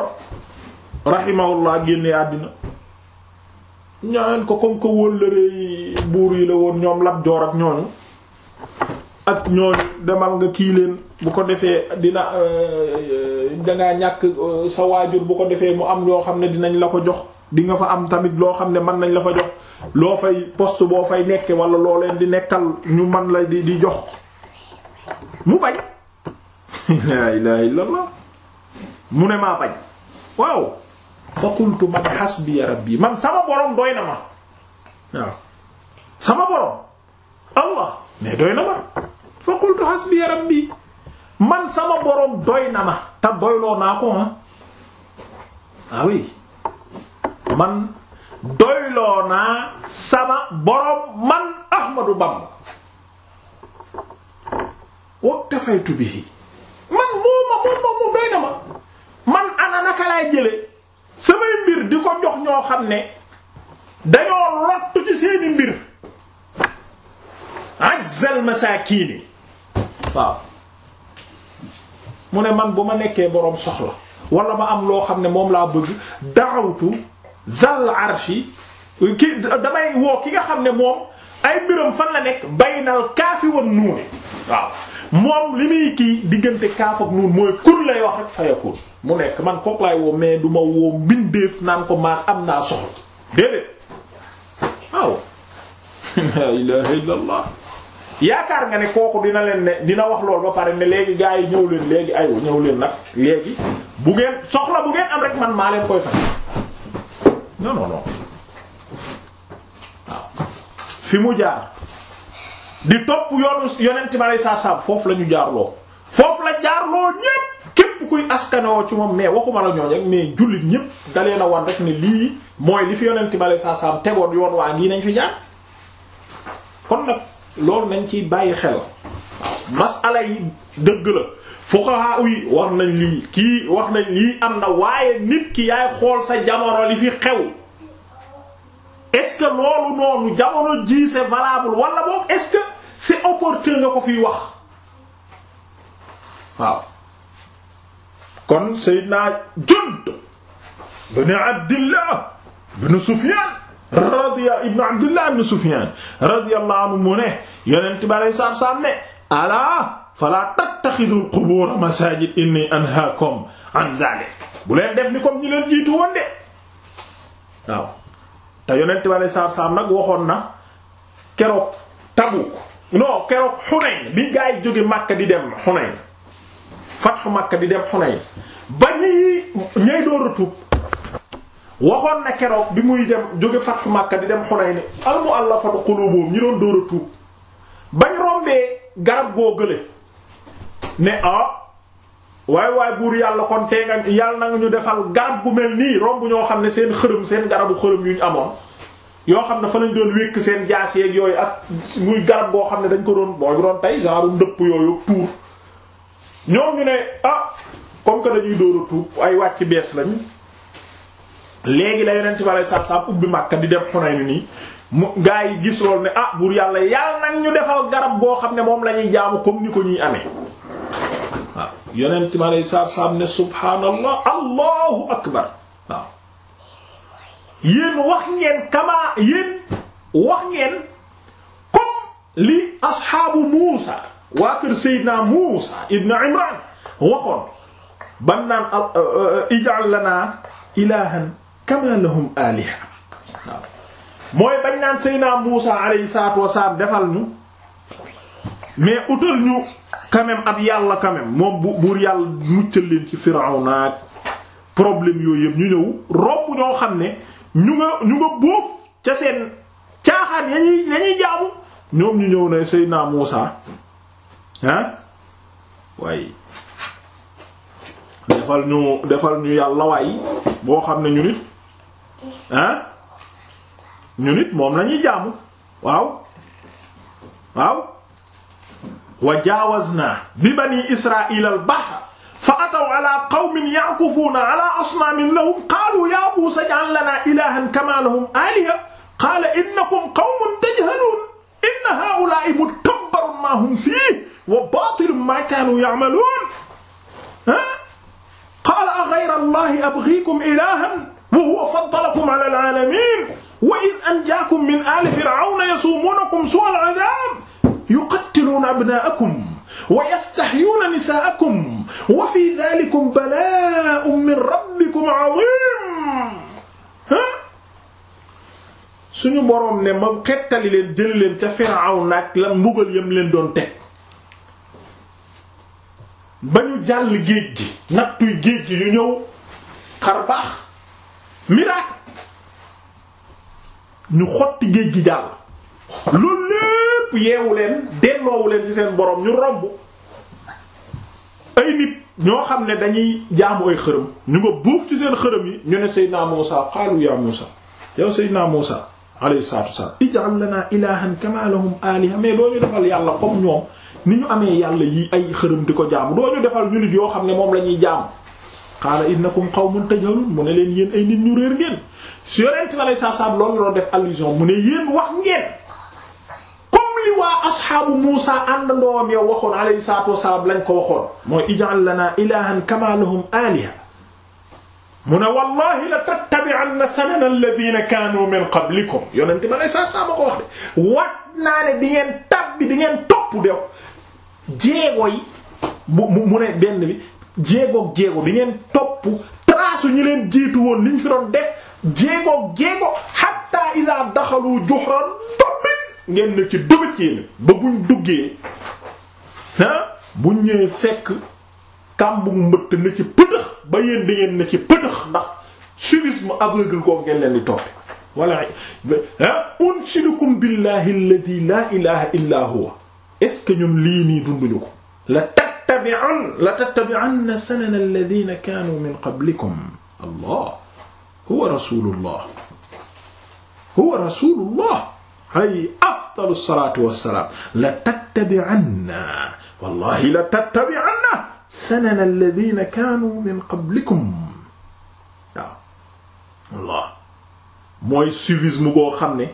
rahimahullah génne àddina ñaan ko comme que wëllëree buur yi la woon ñoom lab joor ak ñooñu ak ñooñu demal nga kii leen bu ko defee dina euh, euh, dangaa ñàkk euh, sa waajur bu ko defee mu am loo xam ne dinañ la ko jox di nga fa am tamit loo xam ne mën nañ la fa jox loo fay post boo fay nekkee walla loo leen di nekkal ñu man la di di jox mu bañ la ilaha illallah mu ne maa bañ waaw fa qultu man hasbiya rabbi man sama borom doy na ma sama borom allah mais doy na ma fa hasbiya rabbi man sama borom doy na ma te doyloo naa ko ma ah. ah oui man naa sama borom man Ahmadu Bamba waktafaytu bihi man mooma moom moom doy na ma man ana naka laay jële samay mbir di ko jox ñoo xam ne dañoo lottu ci seeni mbir azzal masaakiini waaw mu ne man bu ma nekkee boroom soxla wala ma am loo xam ne moom laa bëgg daawtu zal arshi ki damay woo ki nga xam ne moom ay mbiram fan la nekk baynal kaafi wan nuuni waaw moom li muy kii diggante kaaf ak nuun mooy kun lay wax rek fayakun mu nekk man kook laay woo mais du ma woo mbindeef naan ko maan am naa soxla déedéet waaw la ilaha illallah yaakaar nga ne kooku dina leen dina wax lool ba pare ne léegi gaa yi ñëw leen léegi aywa ñëw leen nag léegi bu ngeen soxla bu ngeen am rek man maa leen koy faj non waaw fi mu jaar di topp yoonu yonent bi aleyhi salaatu salaam foofu lañu ñu jaarloo foofu la jaarloo ñépp kuy askanawoo ci moom mais waxuma la ñooñ mais jullit ñépp dalee na wan rek ne lii mooy li fi yonent bale saa saam tegoon yoon waa ngi nañ fi jaar kon nag loolu nañ ciy bàyyi xel masala yi dëgg la fuqaha yi wax nañ lii kii wax nañ lii am na waaye nit ki yaay xool sa jamono li fi xew est loolu noonu jamono jii c'est valable wala boog est-ce nga ko fiy wax waaw kon Seydina Jund ibn Abdillah ibn Sufyan radiya ibn Abdillah ibn Sufyan radiyallahu anhu mu ne yonent bi masaajid inni anhaakum an zaalik bu leen def ni comme ñi leen jiitu woon de waaw yonent bi alei saatu salaam nag waxoon na keroog Tabuk non keroog Hunayn bi gaa Makka di dem Hunayn fatxu Makka di dem Xunayn ba ñi ñay door waxoon na keroog bi muy dem jóge fatxu Makka di dem Xunayn al mu'allafatu qulubuhum ñi doon door a tuub bañ rombee garab goo gële ne ah waay waay buur yàlla kon tee nga na ñu defal garab bu mel nii romb ñoo xam ne seen xërëm seen garabu xërëm yu ñu amoon yoo xam ne fa lañ doon wékk seen jaas yeeg yooyu ak muy garab goo xam ne dañ ko doon booy doon tey genre ndëpp yooyu tuur ñoom ñu ne ah comme que dañuy dóor a tuub ay wàcc bees lañ léegi la yonent bi alei satu salaam ubbi Makka di dem xonay ni nii mu gaa yi gis loolu ne ah buur yàlla yàlla nag ñu defal garab boo xam ne moom lañuy ñuy jaamu comme ni ko ñuy amee waaw yonent bi alei satu ne subhaanallah allahu akbar waaw yéen wax ngeen kamaa yéen wax ngeen comme li asxaabu Muusa waa kër Seydina Muusa ibn Imran waxoon ban naan uh, uh, ij'al lana ilahan kama lahum aliha waaw mooy bañ naan Seydina Muusa alayhi salaatu wasalaam defal ñu mais utal ñu quand ab yàlla quand même moom bu buur yàlla muccal leen ci Firawna problème yooyu yëpp ñu ñëw romb ñoo xam ne ñu nga ñu nga bóof ca seen caaxaan yañuy yañuy jaamu ñoom ñu ñëw ne Seydina Muusa ah waaye defal ñu defal ñu yàlla waay boo xam ne ñu nit ah ñu nit moom lañuy jaamu waaw waaw wa jaawazna bi bani israil al bahr fa ataw ala qawmin ya'kufuna ala asnaamin lahum qaalu ya muusa ij'al lana ilahan kama lahum aliha qaala innakum qawmun tajhalun inna haa'ulaa'i mutabbarun ma hum fiihi wa baatilu maa kaanu ya'maluun qaala a ghayra allahi abghiikum ilaahan wa huwa faddalakum ala al-'aalamiin wa idh anjaakum min aali fir'awna yasuumuunakum suu'a al-'adhaab yuqattiluuna abnaa'akum wa yastahyuuna nisaa'akum wa fii dhaalikum balaa'un min rabbikum 'adhiim suñu boroom ne ma xettali leen jël leen ca Firawna ak la mbugal yam leen doon teg ba ñu jàll géej gi nattuy géej gi ñu ñëw xar baax miracle ñu xotti géej gi jàll loolu lépp yeewu leen delloowu leen ci seen boroom ñu romb ay nit ñoo xam ne dañuy jaamu ay xërëm ñu nga buuf ci seen xërëm yi ñu ne Seydina Muusa xaalu ya Muusa yow Seydina Muusa alayhi salaatu wa salaam ij'al lana ilahan kama lahum aliha mais doo ñu defal yàlla comme ñoom ni ñu amee yàlla yi ay xërëm di ko jaamu doo ñu defal ñu nit yoo xam ne moom la ñuy jaamu qaala innakum qawmun tajhalun mu ne leen yéen ay nit ñu réer ngeen su yorent na lay saasaam loolu la def allusion mu ne yéen wax ngeen comme li waa asxaabu Muusa àndandoowam yow waxoon alayhi salaatu wassalaam lañ ko waxoon mooy ij'al lana ilahan kama lahum aliha mu ne wallahi la tattabi'anna sanana alladhina kaanu min qablikum yonente ma lay saasaam ma ko wax de wat naa ne di ngeen tab bi di ngeen topp dew jéego yi mu mu ne benn bi jéegoog jéego bi ngeen topp trace ñu leen jiitu woon liñ fi doon def jéegoog jéego hatta ila daxalu juhran toppin ngeen ne ci dugg ci yéen ba buñ duggee ah buñ ñëwee fekk kàmbu mbëtt na ci pëtëx ba yéen da ngeen na ci pëtëx ndax civisme aveugle koo ngeen leen di toppe wala ah unshidukum billahi alladhi la illa huwa est-ce que ñun lii nii dunduñu ko la tattabi'an la tattabi'anna sanana alladhina kaanu min qablikum allah huwa rasulullah huwa rasulullah hay afdalu salatu wassalam la tattabi'anna wallahi la tattabi'anna sanana alladhina kaanu min qablikum waaw allah mooy suivisme boo xam ne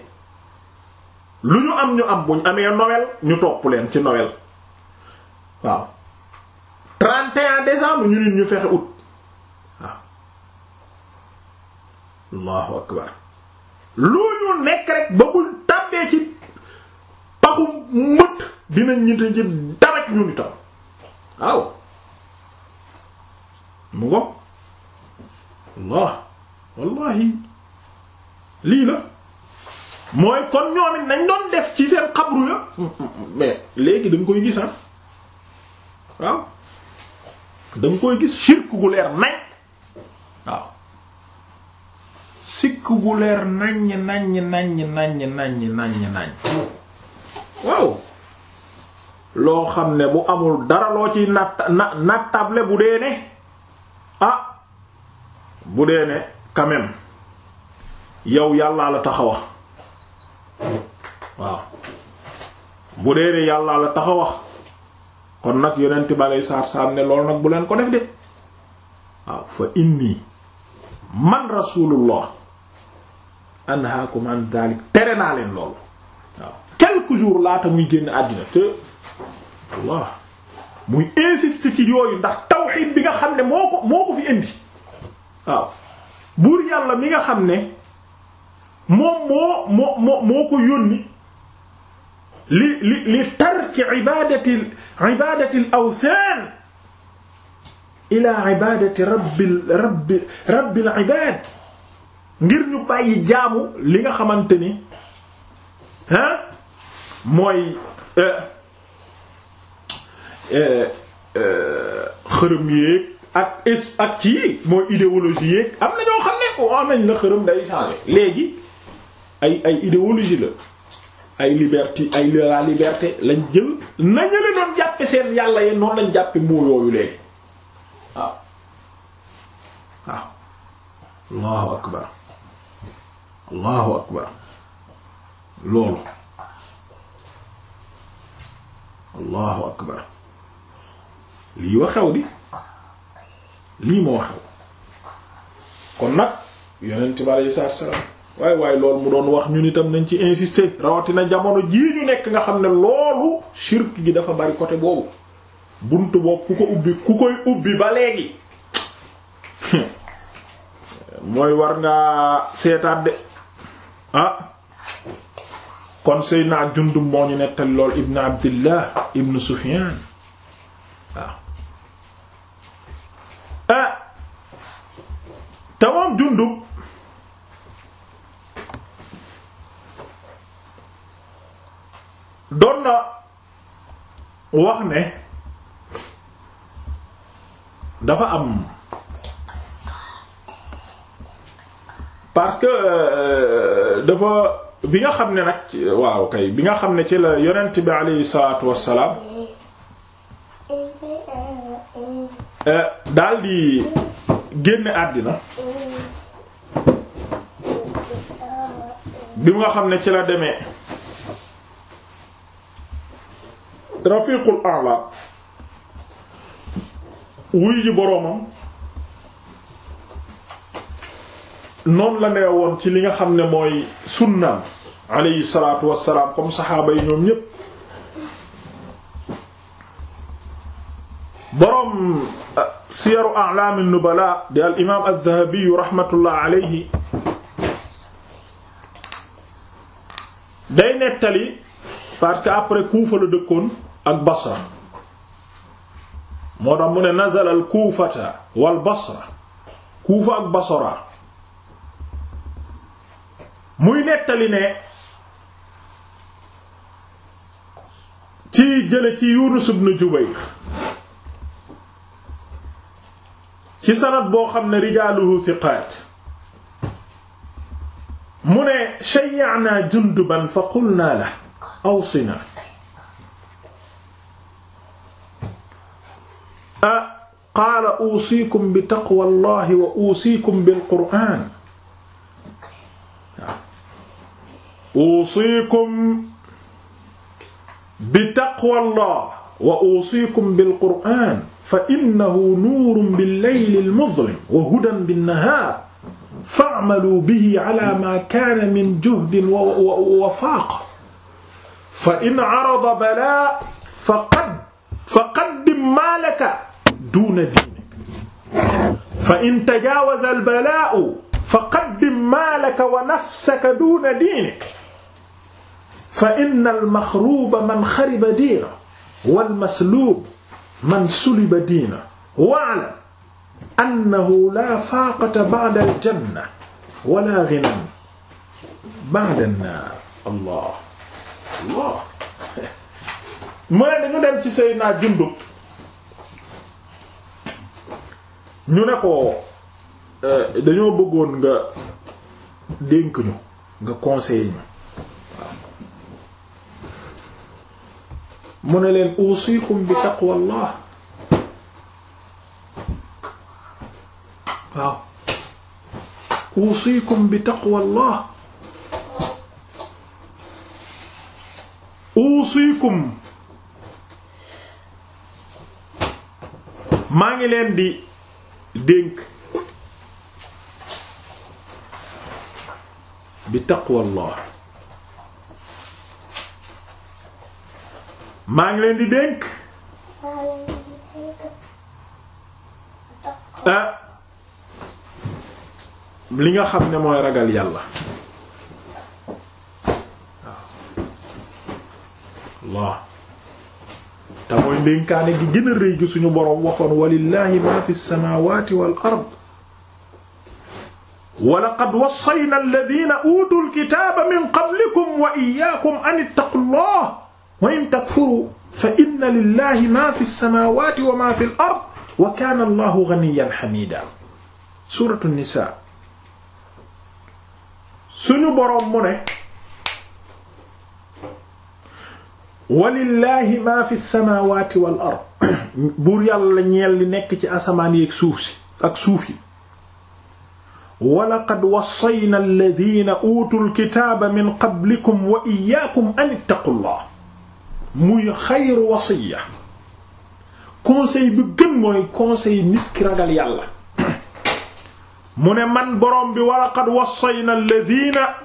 lu ñu am ñu am buñ amee nowel ñu topp leen ci nowel waaw 31 décembre ñu nit ñu fexe août waaw allahu akbar lu ñu nekk rek ba buñ ci paxu mbët dinañ ñita ci dabaj ñu nitam waaw mu ngo Allah wallahi lii la mooy kon ñoom it nañ doon def ci seen xabru ya mais léegi danga koy gis ah waaw da koy gis sirk gu leer nañ sikk gu leer naññ naññ naññ nàññ naññ naññ naññ waaw loo xam ne mu amul dara loo ci natt na bu dee ne ah bu dee ne quand même yow yàllaa la taxawa waaw bu dee ne yàlla la tax wax kon nag yonent ba lay saar saar ne lool nag bu leen ko def de waaw fa inni man rasulullah anhaakum an dalik tere naa leen loolu waaw quelques jours laata muy génn àddina te Allah muy insister ci yooyu ndax tawhid bi nga xam ne moo ko moo ko fi indi waaw buur yàlla mi nga xam ne moom moo moo moo moo ko yónni li li li tarki ibadati ibadati al awthan ila ibadati rabbil rabbi rabbil ibad ngir ñu bàyyi jaamu li nga xamante ni ah mooy euh, euh, xërëm yéeg ak is ak ci mooy idéologie yéeg am na ñoo xam ne o oh, amañ la xërëm day changer léegi ay ay idéologie la ay liberté ay liberté lañ jël nañu la doon jàppe seen yàlla yeen noonu lañ jàppe moo yooyu léegi waaw waaw allahu akbar allahu akbar loolu allahu akbar lii waxew di lii moo xew kon nag yonent bi aleyhi salaatu salaam waaye waaye loolu mu doon wax ñun tam nañ ci insister rawatina jamono jii ñu nekk nga xam ne loolu shirk gi dafa bari côté boobu bunt boobu ku ko ubbi ba léegi mooy war ngaa seetaat de ah kon Seydina Jundub moo ñu nettali lool Ibn Abdillah Ibn Sufyan waaw ah, ah. doon na wax ne dafa am parce que euh, euh, dafa bi nga xam ne nag waaw kay bi nga xam ne ci la yonent bi alayhi salaatu wassalaam euh, daldi génn àddina bi nga xam ne ci la demee rafiqul a'la wuy ji boroomam noonu la nee ci li nga xam ne mooy sunnaam alayhi salaatu wassalaam comme saxaaba yi ñoom ñépp boroom euh, siyaru a'laam an-nubala di al imaam az-Zahabi rahmatullah alayhi day nettali parce que après Kuufa la dëkkoon ak basra moo tax mu ne nazala al kuufata wal basra kuufa ak basra muy nettali ne ci ci Yunus ibn Jubayr ci sanad boo xam ne rijaaluhu thiqaat mu ne shay'na junduban fa qulna la awsina qaala uusikum bi taqwa allahi wa uusikum bil qur'aan uusikum bi taqwa allah wa uusikum bil qur'aan fa innahu nuurun bil layli al muzlim wa hudan bin nahaar fa'maluu bihi alaa maa kaana min juhdin wa wafaaq fa in arada balaa faqad faqaddim maalaka duuna diinik fa in tajaawaza al balaa'u fa qaddim maalaka wa nafsaka duuna diinik fa inna al maxruuba man xariba diina wal masluub man suliba diina wa'lam annahu laa faaqata ba'da al janna wala ghinaa ba'da an naar allah allah mu ne dañu dem ci Seydina Jundub ñu ne ko euh, dañoo bëggoon nga dénk ñu nga conseiller ñu waaw mu ne leen usikum bi taqwallah waaw usikum bi taqwallah usikum maa ngi leen di dénk bi taqwallah maa ngi leen di dénk ah, li nga xam ne mooy ragal yàlla waaw te mooy ndénkaane gi gën a rëy gi suñu boroom waxoon walillahi ma fi samawati wal ard wa laqad wassayna alladina utul kitaaba min qablikum wa iyyakum an ittaqullah wa in takfuru fa inna lillahi ma fi samawati wa ma fi al ard wa kana allahu ghaniyan hamida suratu nisa suñu boroom mu ne walillahi ma fi samawati wal ard buur yàlla ñeel li nekk ci asamaan yeeg suuf si ak suuf yi walaqad wassayna alladina utul kitaaba min qablikum wa iyaakum an ittaqullah muy xayru wasiya conseil bi gën mooy conseil nit ki ragal yàlla mu ne man borom bi walaqad wassayna alladina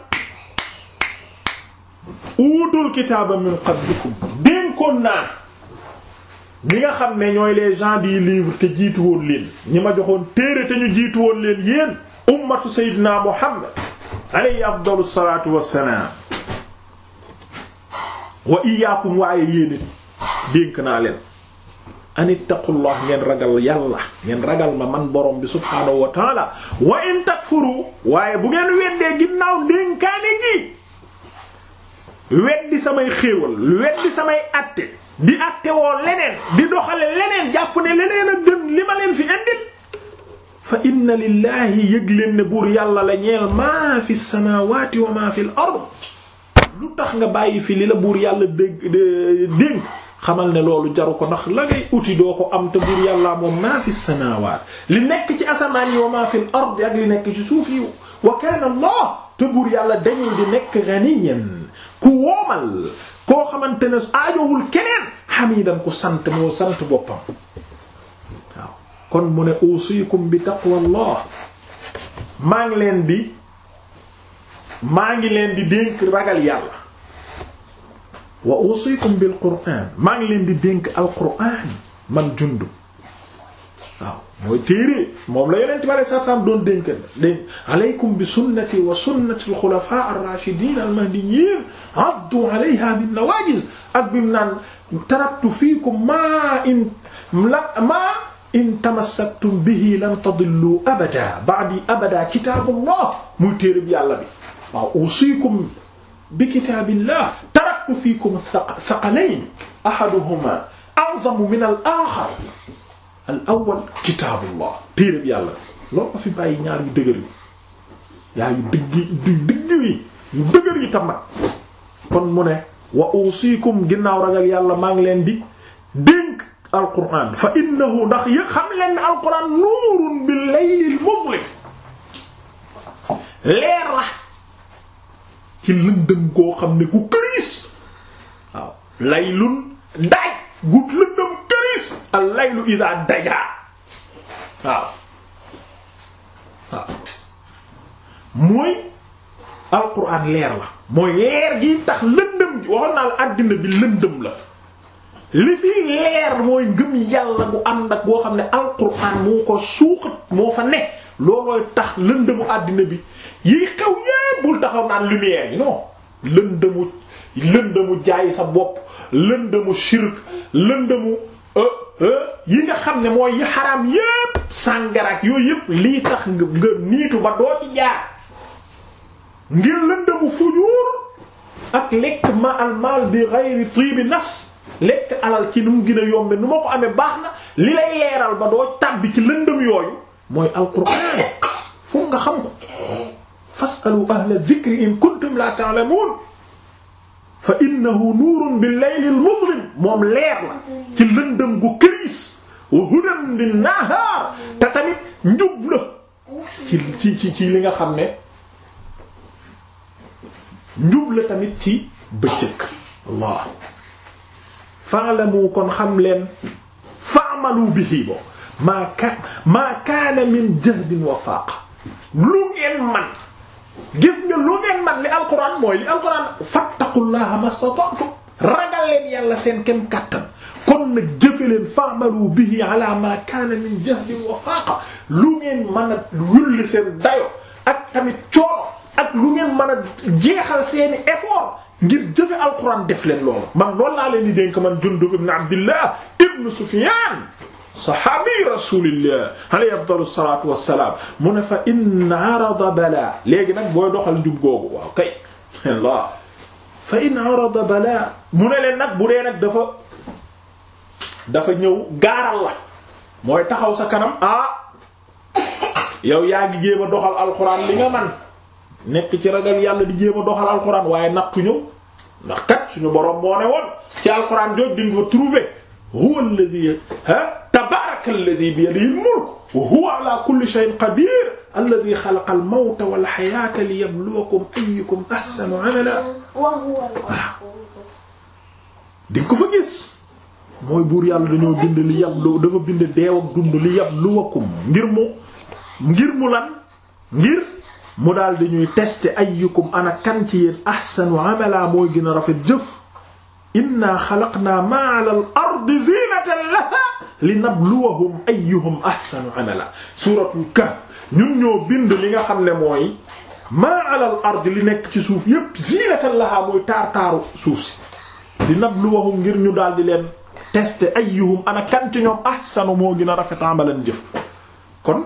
uutul kitaaba min qablikum dénkoon naa ñi nga xam ne ñooy les gens du livre te jiitu leen ñi ma joxoon téere te jiituwoon jiitu leen yéen ummatu sayyidina muhammad alayhi afdalu salaatu wassalaam wa iyaakum waaye yéen it naa leen an ittaqullah ngeen ragal yàlla ngeen ragal ma man borom bi subhaanahu wa taala wa in takfuru waaye bu ngeen weddee ginnaaw dénkaane weddi samay xéewal weddi samay àtte di atte woo leneen di doxale leneen jàpp ne leneen a gën li ma leen fi indil fa inna lillahi yëg leen ne buur yàlla la ñeer maa fi samawati wa maa fi ard lu tax nga bàyyi fi li la buur yàlla dégg dénk xamal ne loolu jaru ko ndax la ngay uti doo ko am te buur yàllaa moom maa fi samawat li nekk ci asamaan yi wa maa fi ard ak li nekk ci suuf yi wa kaana te buur yàlla dañuy di nekk ganiyan ku woomal koo xamante ne aajowul keneen hamidan ku sant moo sant boppam waaw kon mu ne usikum bi taqwallah maa ngi leen di maa ngi leen di dénk ragal yàlla wa usikum bil qur'an maa ngi leen di dénk al qur'an man jundub waaw mooy téere moom la yonent bi alei sat selaam doon dénkan dégg aleykum bi sunnati wa sunnati alxulafa arrachidin almahdiyyin addu alayha bin nawajiz ak bimu naan taraktu fiikum ma in ma in tamassaktum bihi lan tadillu abada ba'di abada kitaabullah muy téere bi yàlla bi waaw usikum bi kitaabillah taraktu fiikum thaqalayn ahaduhuma a'zamu min al-akhar al awwal kitaabullah téereeb yàlla loolu ko fi bàyyi ñaar yu dëgër yi yaa yu digg yu digg yi yu dëgër yi tam kon mu ne wa usikum ginnaaw ragal yàlla maa ngi leen di dénk alquran fa innahu ndax yëg xam leen ne alquran nuurun bi laylil muzlim leer la ci lëndëm koo xam ne ku këriis waaw laylun daaj gut lëndëm gis laylu ida dajaa waaw mooy alquran leer la mooy leer gi tax lëndëm gi naa la àddina bi lëndëm la li fii leer mooy ngëm yàlla bu ànd ak boo xam ne alquran moo ko suuxat moo fa ne loolooy tax lëndëmu àddina bi yi xew yépp bul taxaw naan lumière yi non lëndëmu lëndëmu jaay sa bopp lëndëmu shirk lëndëmu Euh, euh, yi nga xam ne mooy yi xaraam yépp sàngaraak yooyu yépp li tax nga niitu ba doo ci jaar ngir lëndëmu fujuur ak lekk ma al bi ghayri tibi nafs lekk alal ci nu mu gën a yombe nu ma ko amee baax na li lay leeral ba doo tàbbi ci lëndëm yooyu mooy alquraan foog nga xam ko fasalu ahla dhikri in kuntum la ta'lamun fa innahu nuurun bil laylil muzlim moom leer la ci lëndëm gu këris wa hudan bin nahaar te tamit njub la ci ci ci ci li nga xam ne njub la tamit ci bëccëg Allah fa'lamu kon xam leen fa'malu bihi bo maa ka maa kaana min jahdin wa faaqa lu ngeen man gis nga lu ngeen man li alquran mooy li alquran fattaqullaha mastata'tu ragal leen yàlla seen kem kàttan kon nag jëfe leen fa'malu bihi ala ma kaana min jahdin wa faaqa lu ngeen mën a wulli seen dayo ak tamit coono ak lu ngeen mën a jeexal seeni effort ngir jëfe alquran def leen loolu man loolu laa leen di dénk man Jundub ibn Abdillah ibn Sufyan saxaabi rasulillah alayhi afdalu salaatu wassalaam mu ne fa in arada bala léegi nag booy doxal njub googu waaw kay la fa in arada bala mu ne leen nag bu dee nag dafa dafa ñëw gaaral la mooy taxaw sa kanam ah yow yaa ngi jéem a doxal alxuraan li nga man nekk ci ragal yàlla di jéem a doxal alxuraan waaye nattu ñëw ndax kat suñu borom moo ne woon ci alxuraan jooju di fa trouver huwa alladhi ha tabaaraka alladhi bi yadihi al-mulk wa huwa ala kulli shay'in qadir alladhi khalaqa al-mawta wal hayata liyabluwakum ayyukum ahsanu amala voilà di nga ko fa gis mooy buur yàlla dañoo bind li yablu dafa bind deew ak dund li yabluwakum ngir mu ngir mu lan ngir mu daal di ñuy tester ayyukum ana kan ci yéen ahsanu amala mooy gën a rafet jëf inna xalaqna ma ala al ardi zinatan laha li nabluwahum ayyuhum ahsanu amala suuratul kahf ñun ñoo bind li nga xam ne mooy maa alal ard li nekk ci suuf yépp zinatan laha mooy taar taaru suuf si li nabluwahum ngir ñu daal di leen tester ayyuhum ana kan ci ñoom ahsanu moo gën a rafet amalan jëf kon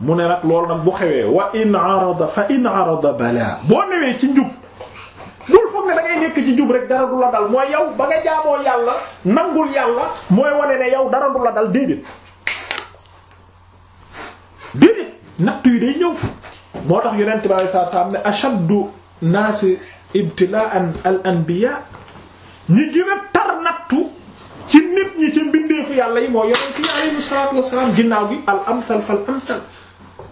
mu ne nag loolu nag bu xewee wa in arada fa in arada bala boo newee ci njub ngay nekk ci jub rek dara du la dal mooy yow ba nga jaamoo yàlla nangul yàlla mooy wane ne yow dara du la dal déedéet déedéet natt yi day ñëw moo tax yonent bi alayhi salaam ne ashaddu naasi ibtilaan al anbiya ñi gën a tar nattu ci nit ñi ci mbindeefu yàlla yi moo yonent yi alayhi salaatu wassalaam ginnaaw gi al amsal fal amsal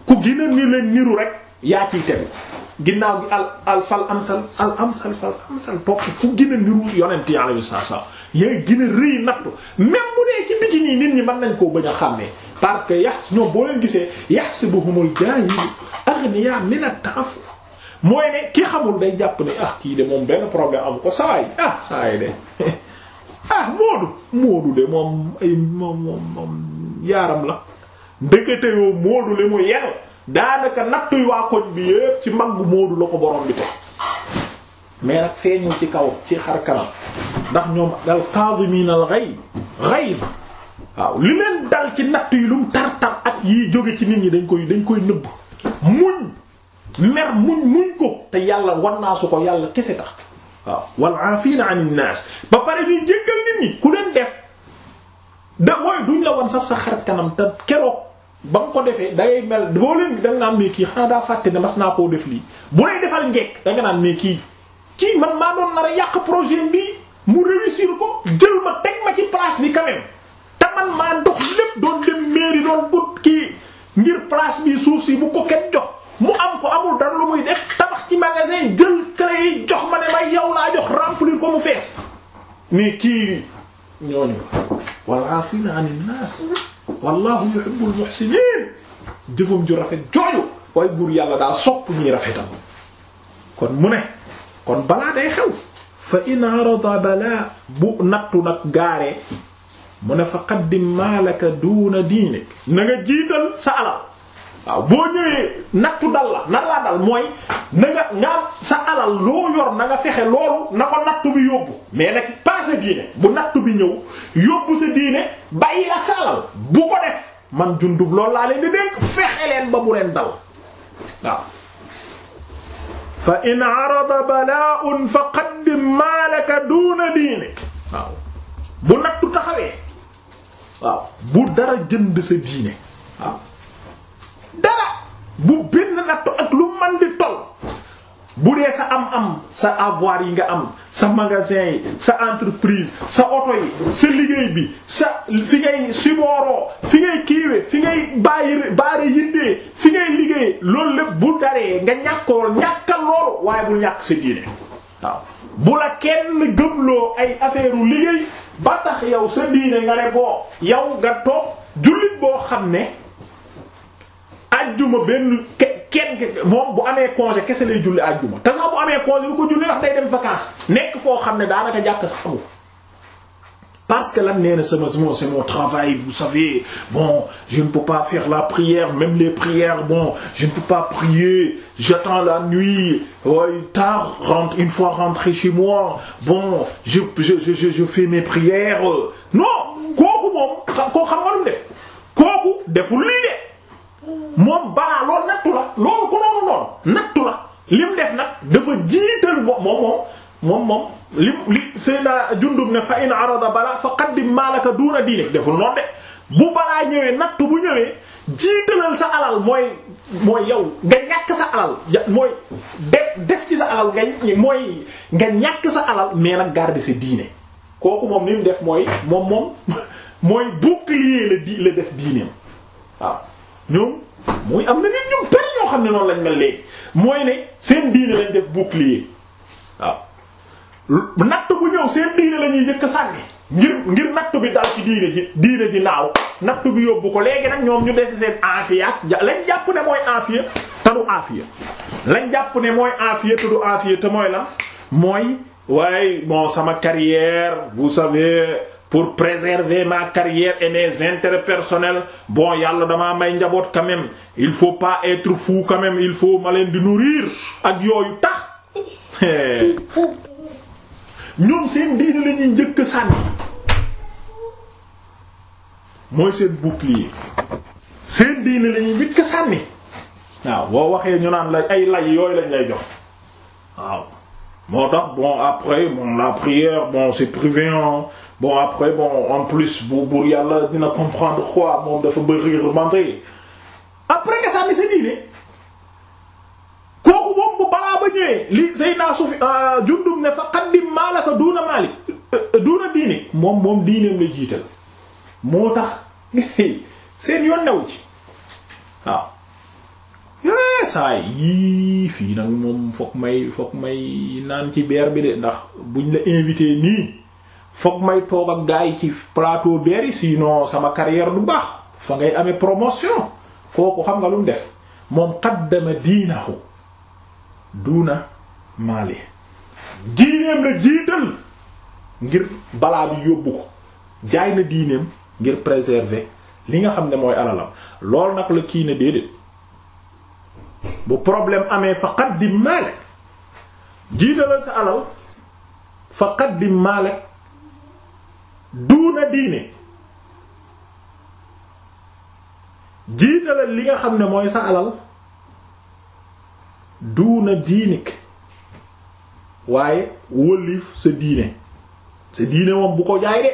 ku gën a leen niru rek yaa ciy tegu ginnaaw gi al al fal amsal al amsal fal amsal topp ku gën a niru yonent yàlla yu saa saa yaa gën rëy nattu même ci biti nii nit ñi man nañ koo bañ a xàmmee parce que yax ñoom boo leen gisee si yahsibuhumul jaahilu aghniya min at-ta'affuf mooy ne ki xamul day jàpp ne ah kii de moom benn problème am ko saay ah saay de ah moodu moodu de moom ay moom moom moom yaaram la ndekete yoo moodu le mu yenu daanaka nattuy waa koñ bi yépp ci mbagg Moodu la ko borom bi teg mais nag feeñul ci kaw ci xar kanam ndax ñoom al kaazimiina al ghayz ghayz waaw li leen dal ci natt yi lum tar-tar ak yiy jóge ci nit ñi dañ koy dañ koy nëbb muñ mer muñ muñ ko te yàlla war naa su ko yàlla kese tax waaw wal aafiina anin naas ba pare ñuy jéggal nit ñi ku leen def da mooy duñ la won sax sa xar kanam te keroog ba nga ko defee da ngay mel boo leen da nga naan mais kii xanaa daa fàtte ne mas naa koo def lii bu lay defal njekk da naan mais kii kii man maa doon nar a yàq projet bi mu réussir ko jël ma teg ma ci place bi quand te man maa dox lépp doon dem mairie doon gut kii ngir place bi suuf si bu ko kenn jox mu am ko amul dara lu muy def tabax ci magasin jël clé jox ma ne may yow laa jox remplir ko mu fees mais kii ñooñu walla fi naa ni naas wallahu yuhibbul muhsinin jëfam ju rafet jooju waaye buur yàlla daa sopp ñuy rafetal kon mu ne kon balaa day xew fa in arada balaa bu nattu nag gaaree mu ne fa qaddim maalaka duuna diinik na nga jiital sa alal waaw boo ñëwee nattu dal la nan laa dal mooy na nga sa alal loo yor na fexe loolu na ko nattu bi yóbbu mais nag pas sa diine bu nattu bi ñëw yóbbu sa diine bàyyi ak sa alal bu ko def man jundub lool laa leen di dénk fexe leen ba bu leen dal waaw fa in arada bala'un fa qaddim maalaka duna diinik waaw bu nattu taxawee waaw bu dara jënd sa diine waaw dara bu benn nattu ak lu man di tol bu dee sa am-am sa avoir yi nga am sa magasin yi sa entreprise sa oto yi sa liggéey bi sa fi ngay sibooroo fi ngay kiiwe fi ngay bàyyi baare yindee fi ngay liggéey loolu lépp bu daree nga ñàkkool ñàkkal loolu waaye bul ñàkk sa diine waaw bu la kenn gëmloo ay affaire u liggéey ba tax yow sa diine nga ne boo yow nga toog jullit boo xam ne ajjuma benn kenn moom bu amee congé kese lay julli ajjuma te sax bu amee congé lu ko julli ndax day dem vacance nekk foo xam ne daanaka jàkk sax amu parce que la nee na sama sama c'est mon travail vous savez bon je ne peux pas faire la prière même les prières bon je ne peux pas prier j'attends la nuit ouais, tard une fois rentré chez moi bon je fais mes prières non kooku moom koo xam nga kooku deful lii moom balaa loolu nattu la loolu ku noonu noonu nattu la lim def nag dafa jiital moom moom moom moom lim li Seydina Jundub ne fa in arada balaa fa qaddim maalaka nattu bu ñëwee jiitalal sa alal mooy mooy yow nga ñàkk def ci sa alal nga ñàkk sa alal mais nag garder sa diine kooku def mooy moom moom di la def diineem waaw ñoom muy am na nit ñu per ñoo xam ne noonu lañ mel léegi mooy ne seen diine lañ def bouclier waaw natt bu ñëw seen diine la ñuy jëkk sànni ngir ngir natt bi dal ci diine ji diine ji naaw natt bi yóbbu ko léegi nag ñoom ñu dese seen aafiya lañ jàpp ne mooy aafiya te du lañ jàpp ne mooy aafiya te du te mooy la mooy waaye bon sama carrière vous savez pour préserver ma carrière et mes intérêts personnel bon yàlla damaa may njaboot quand il faut pas être fou quand même il faut ma leen di nourrir ak yooyu tax ñoom seen diini la ñuy njëkk sànni mooy seen bouclier seen diini la njëkk sànni waaw boo waxee ñu naan la ay lay yooyu lañ lay jox waaw moo tax bon après bon la prière bon c'est privé bon après bon en plus bu buur yàlla dina comprendre quoi moom dafa bëri remonter après que ça mi sa diine kooku moom bu balaa ba ñëwee li Seydina Sufi euh, Jundub ne fa qaddim maalaka duuna maalik euh, euh, duuna diine moom moom diineem la jiital moo tax seen yoon new ci waaw eh, saay yii fii nag moom fokk may fokk may naan ci beer bi de ndax buñ la invité nii foog may toog ak gars yi ci plateau beeri sinon sama carrière du baax fa ngay amee promotion kooku xam nga lu def moom qaddama diinahu duuna maali diineem la jiital ngir balaa bi yóbbu ko jaay na diineem ngir préservé li nga xam ne mooy alalam lool nag la kii ne déedéet bu problème amee fa qaddim maalek jiitalal sa alal fa qaddim maalek duuna diine jiitalal li nga xam ne mooy sa alal duuna diinik waaye wëlif sa diine sa diine moom bu ko jaay de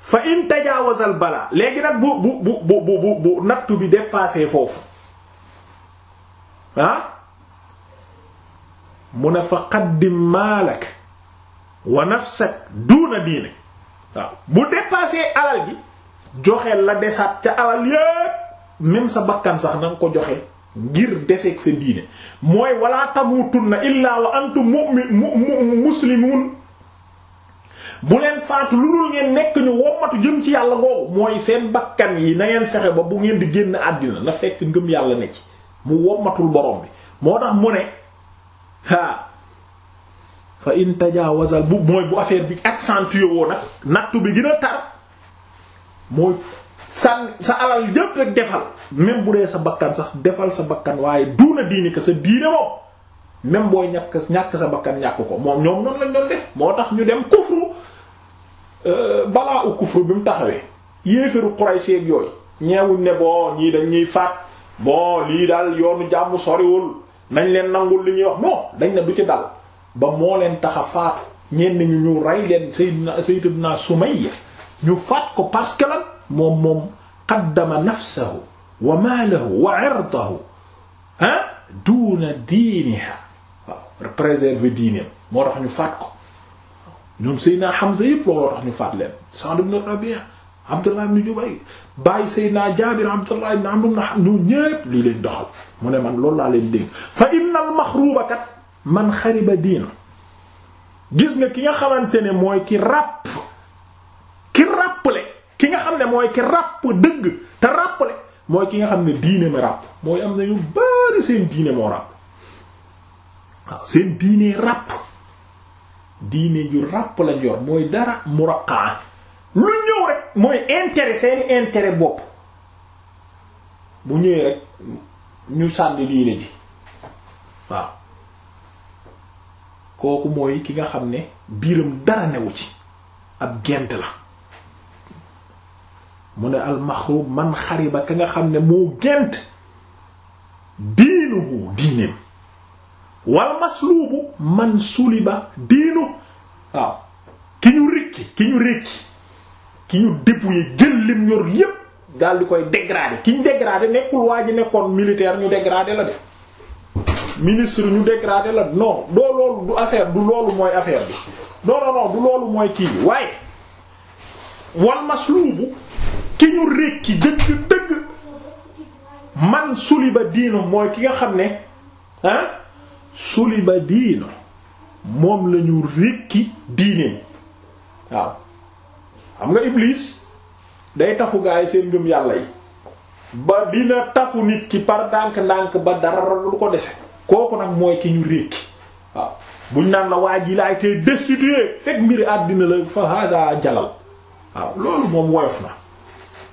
fa in tajaawazal bala léegi nag bu bu bu bu bu nattu bi dépassé foofu ah mu ne fa qaddim wa nafsak duuna diinik waaw bu dépassé alal bi joxe la desaat ca alal yépp même sa bakkan sax na nga ko joxe ngir deseeg sa diine mooy wala tamutunna illaa wa antum mu'min muslimun bu leen faatu lu dul ngeen nekk ñu wommatu jëm ci yàlla googu mooy seen bakkan yi nangeen fexe ba bu ngeen di génn àddina na fekk ngëm yàlla ne ci mu wommatul borom bi moo tax mu ne ha fa in tajaawazal bu mooy bu affaire bi accentué woo nag nattu bi gën a tar mooy sa sa alal yëpp rek defal même bu dee sa bakkan sax defal sa bakkan waaye du na diini ka sa diine moom même booy ñàkk ñàkk sa bakkan ñàkk ko moom ñoom noonu lañ doon def moo tax ñu dem kufru euh, balaa u kufru bi mu taxawee yéefaru Quraysh ak yooyu ñeewuñ ne boo ñii dañ ñuy faat bon lii daal yoonu jàmm soriwul nañ leen nangul li ñuy wax non dañ ne du ci dal ba moo leen tax a faatu ñenn ñu ñu rey leen sayyidina sayyidina Sumayya ñu faat ko parce que lan moom moom qaddama nafsahu wa maalahu wa irdahu ah duuna diiniha waaw préserver diineem moo tax ñu faat ko ñoom Seydina Hamza yëpp looloo tax ñu faat leen Sa'd ibn Rabi' Abdullah ibn Jubay bàyyi Seydina Jaabir Abdullah ibn Amr ibn ñu ñépp lii leen doxal mu ne man loolu laa leen dégg fa innal maxruuba kat man xariba diina gis na ki nga xamante ne mooy ki ràpp ki ràpple ki nga xam ne mooy ki ràpp dëgg te ràpple mooy ki nga xam ne diine mi ràpp mooy am na ñu bari seen diine moo ràpp waaw seen diine ràpp diine ju ràpp la jor mooy dara muraqaa lu ñëw rek mooy intérêt seeni intérêt bopp bu ñëwee rek ñu sànni diine ji waaw kooku mooy ki nga xam ne biiram dara newu ci ab gent la mu ne almaxrub man xariba ka nga xam ne moo gent diinuhu diineem wal masluubu man suliba diinu waaw ki ñu rikki ki ñu rikki ki ñu dépouiller jël lim yor yépp daal di koy dégrader ki ñu dégrader nekkul waa ji nekkoon militaire ñu dégrader la def ministre ñu dégradé la non doo loolu du affaire du loolu mooy affaire bi non non non loolu mooy kii waaye wal masluubu ki ñu rékki dëgg dëgg man suliba diino mooy ki nga xam ne ah suliba diino moom la ñu rékki diine waaw xam nga Iblis day tafu gaa yi seen ngëm yàlla yi ba dina tafu nit ki par ndànk ndànk ba dara du ko dese kooku nag mooy ki ñu rékki waaw buñ naan la waa ji laay tey destitué fekk mbiri àddina la fa hada jalal waaw loolu moom woyof na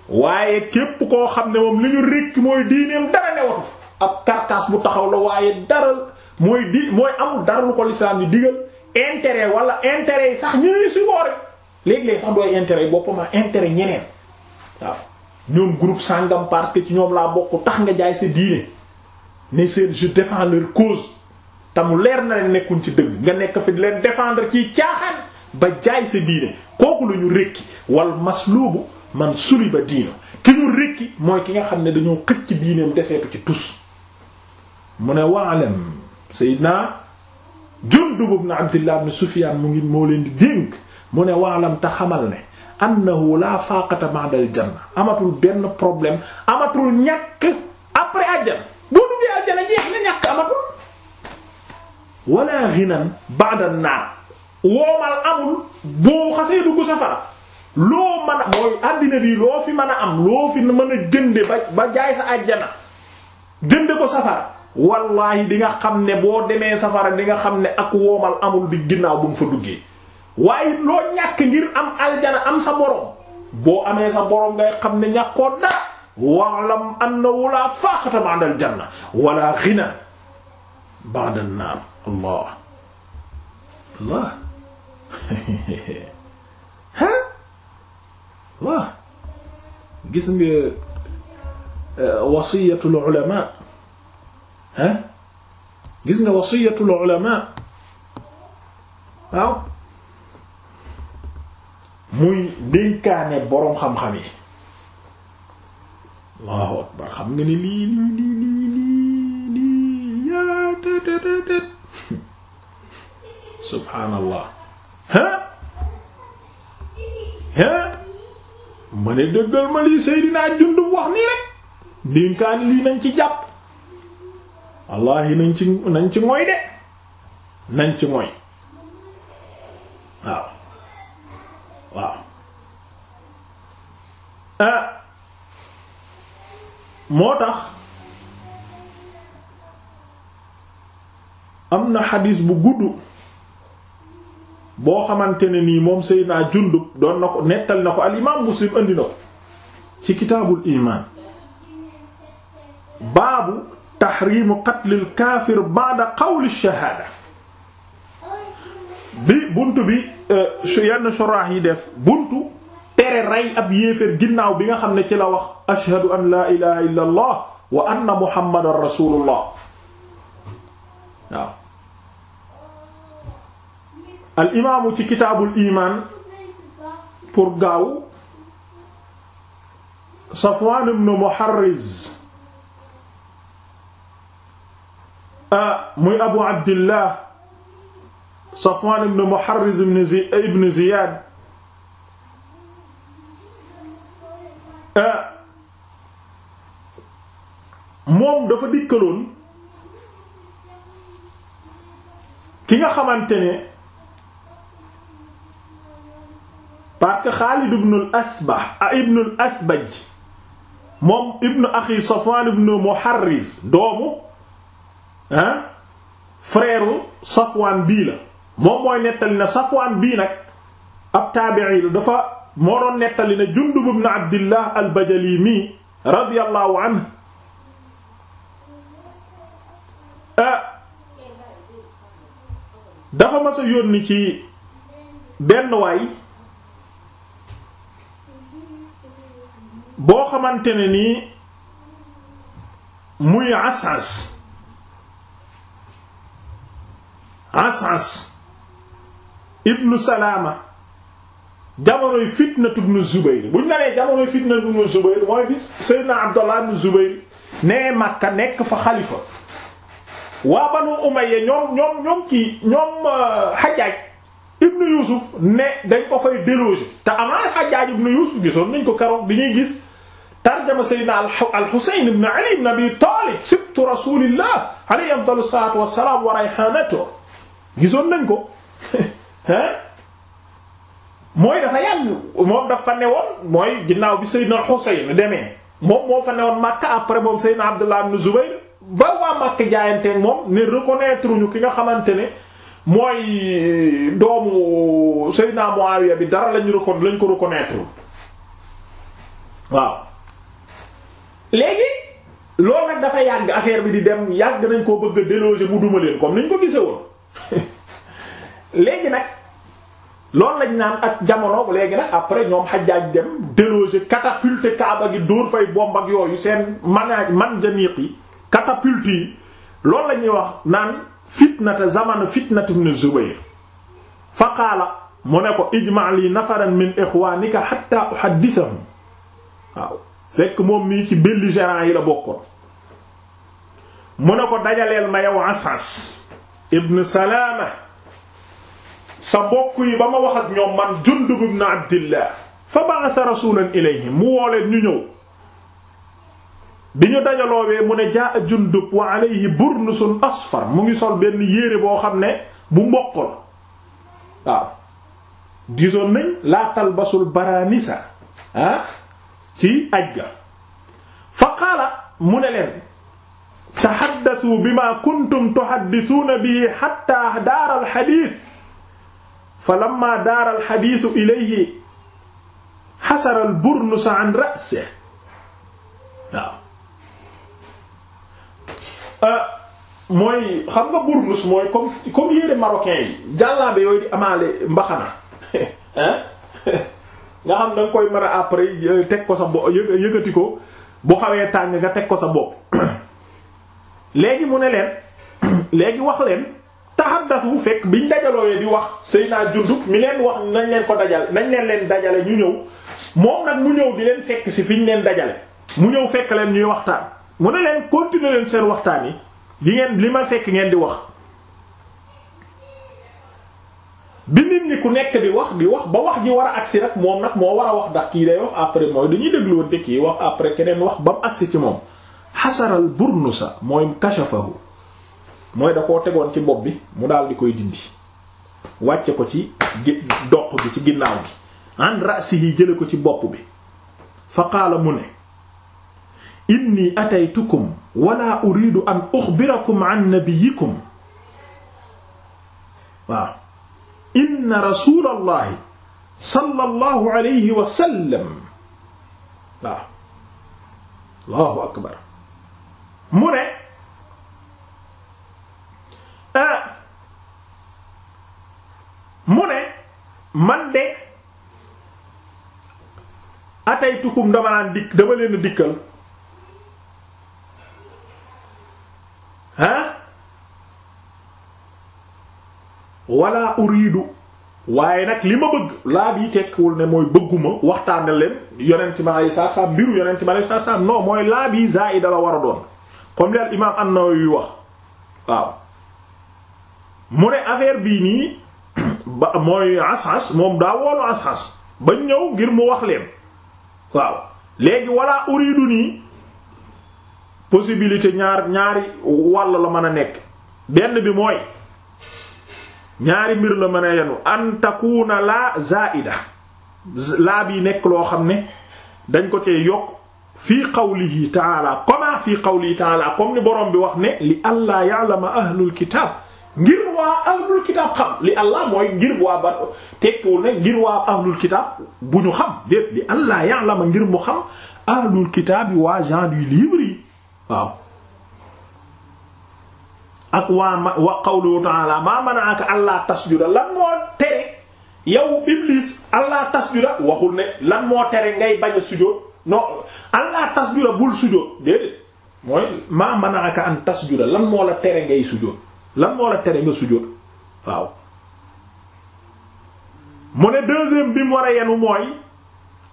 waaye képp koo xam ne moom li ñu rékki mooy diineem dara newatu ab karkaas bu taxaw la waaye dara mooy di mooy amul dara ko lislaam di digal intérêt wala intérêt yi sax ñeneen si boore léeg-léeg sax dooy intérêt yi boppam ak ah intérêt ñeneen waaw ñoom groupe sàngam parce que ci ñoom laa bokk tax nga jaay sa di ne seen je défends leur cause te mu leer na leen nekkuñ ci dëgg nga nekk fi di leen défendre ci caaxaan ba jaay sa diine kooku la ñu rékki wal maslubu man suli ba diina ki ñu rékki mooy ki nga xam ne dañoo xëcc diineem deseetu ci tus mu ne waalam sayyidna Jundub ibn Abdillah ibn Sufyan mu ngi moo leen di dénk mu ne waalam te xamal ne annahu la faqata ba'da al janna amatul benn problème amatul ñàkk après àjjana boo duggee aljana jeex na ñàkk amatul wala ginan ba'da woomal amul boo xasee dugg safara loo mën a mooy àddina bi loo fi mën a am loo fi mën a jënde ba ba jaay sa aljana jënde ko safara wallahi di nga xam ne boo demee safara di nga xam ne ak woomal amul di ginnaaw bu mu fa duggee waaye loo ñàkk ngir am aljana am sa borom boo amee sa borom ngay xam ne ñàkkoon na wa'lam annahu laa faaxata ba'da al-janna wala ghina ba'da an-naar allah allah ha allah gis nga eh, wasiyatul ulamaa ha gis nga wasiyatul ulamaa waaw muy dénkaane boroom xam-xam yi allahu akbar xam nga ni lii lii lii lii lii subhaanallah ah ah ma ne dëggal ma lii Seydina Jundub wax nii rek ndénkaani lii nañ ci jàpp wallaahi nañ ci nañ ci moy de nañ ci moy waaw waaw moo tax am na xadis bu gudd boo xamante ne nii moom Seydina Jundub doon na ko nettal na ko al imaam Muslim andi na ko ci kitaabul imaan baabu taxriimu qatlil kaafir ba'da qawli shahaada buntu bi eh, yenn suraax yi def tere rey ab yéeféer ginnaaw bi nga xam ne ci la wax ashhadu an laa ilaha illa allah wa anna muhammadan rasulullah waaw al imaamu ci kitaabul imaan pour gaaw Safwan ibn Muharriz muy Abu Abdillah Safwan ibn Muharriz ibn Ziyad moom dafa dikkaloon ki nga xamante ne parce que Xaalid ibn al-Asbah a ibn al-Asbaj moom ibn axi Safwan ibn Muharriz doomu ah frère bii la moom mooy nettali na Safwan bii nag ab taabi'i la dafa moo doon nettali na Jundub ibn Abdillah al-Bajalimi radiyallahu anhu dafa mas a yónni ci benn waay boo xamante ne nii muy asas asas ibnu salaama jamonoy fitnatu ibnu zubayr buñ la nee jamonoy fitnatu ibnu zubayr mooy bis seydna abdallah ibnu zubayr nee makka nekk fa xalifa waa banu umayya ñoom ñoom ñoom kii ñoom xajaaj euh, yusuf ne dañ ko fay déloger te amaa xajaaj ibnu yusuf gisoon nañ ko keroog bi ñuy gis tarjama sayyidina al-Husayn ibn Ali ibn Abi Talib sibtu rasulillah alayhi afdalu salatu wassalam wa rayhanatu gisoon nañ ko mooy dafa yàgg moom daf ne woon mooy ginnaaw bi sayyidina al-Husayn demee moom moo fa ne woon Makka après moom Abdullah ibn Zubayr ba waa Makka jaayanteeg moom ne reconnaître ñu ki nga xamante ne mooy euh, doomu naa Seydina Muawiya bi dara lañu recon lañ ko reconnaître waaw léegi loolu nag dafa yàgg affaire bi di dem yàgg nañ koo bëgg a bu duma leen comme niñ ko gisee woon léegi nag loolu lañ naan ak jamono léegi nag après ñoom xajaaj dem déloger catapulter Kaaba gi dóor fay bomb ak yooyu seen manaj man janiq yi catapulte yi loolu wax naan fitnata zamana fitnata ibn Zubayr fa qaala mu ne ko ijma li nafaran min ixwanika hatta uhaddithahum waaw fekk moom mii ci belligérants yi la bokkoon mu ne ko dajaleel ma yow Asas ibn Salama sa mbokk yi ba ma wax ak ñoom man Jundub ibn Abdillah fa ba'atha rasulan ilayhim mu wooleen ñu ñëw bi ñu dajaloowee mu ne jaa jundub wa alayhi burnusun asfar mu ngi sol benn yére boo xam ne bu mboq la waaw gisoon nañ laa talbasul baranisa ah ci aj ga fa qaala mu ne leen taxaddasu bima kuntum tuxaddisuuna bihi xatta daara alxadiis fa lamma daara alxadiisu ilayhi xasara alburnusa an ra'sihi waaw Euh, mooy xam nga burnus mooy comme comme yére marocain yi jàllaabe yooyu di amaale mbaxana nga xam da nga koy mën a après euh, teg ko sa bopp yëgati ko bu xawee tàng nga teg ko sa bopp léegi mu ne leen léegi wax leen taxaddasu fekk bi biñ dajalooyee di wax Seydina Jundub mi leen wax nañ leen ko dajal nañ leen leen dajale ñu ñëw moom nag mu ñëw di leen fekk si fi ñu leen dajale mu ñëw fekk leen ñuy waxtaan mu ne leen continuer leen seen waxtaan yi li ngeen li ma fekk ngeen di wax bi nit ñi ku nekk di wax di wax ba wax ji war a agsi rek moom nag moo war a wax ndax kii day wax après mooy dañuy dégluwante kii wax après keneen wax ba mu agsi ci moom xasaral burnusa mooy kashafahu mooy da koo tegoon ci bopp bi mu daal di koy dindi wàcce ko ci doq gi ci ginnaaw gi an rasihi jële ko ci bopp bi fa qaala mu ne inni ataytukum wala uridu an uxbirakum an nabiyikum waaw inna rasulallahi sallallahu alayhi wa sallam waaw allahu akbar mu ne mu ne man de ataytukum dama naan dikk dama leen dikkal ah wala uridu waaye nag li ma bëgg laa tekkiwul ne mooy bëgguma waxtaane leen yonent ma ay saa saa mbiru yonent ma ay saa saa non mooy laa zaida la war a doon comme li al imaam an-Nawawi wax waaw mu ne affaire bii nii ba mooy as-as moom daa woolu as-as bañ ñëw ngir mu wax leen waaw léegi wala uridu nii possibilité ñaar ñaari wàll la mën a nekk benn bi mooy ñaari mbir la mën a yenu an takuna laa zaida laa bi nekk loo xam ne dañ ko cee yokk fii qawlihi taala kama fii qawlihi taala comme ni borom bi wax ne li allah ya'lama ahlul kitab ngir waa ahlul kitab xam li allah mooy ngir waa ba tekkiwul ne ngir waa ahlul kitab bu xam li allah ya'lama ngir mu xam ahlul kitab waa gens du livre waaw ak waa ma wa qawluhu ta'ala maa mana'aka allaa tasjuda lan moo tere yow iblis allaa tasjuda waxul ne lan moo tere ngay bañ a sujjóot non allaa tasjuda bul sujjóot déedéet mooy maa mana'aka an tasjuda lan moo la tere ngay sujjóot waaw mu ne deuxième bi mu war yenu mooy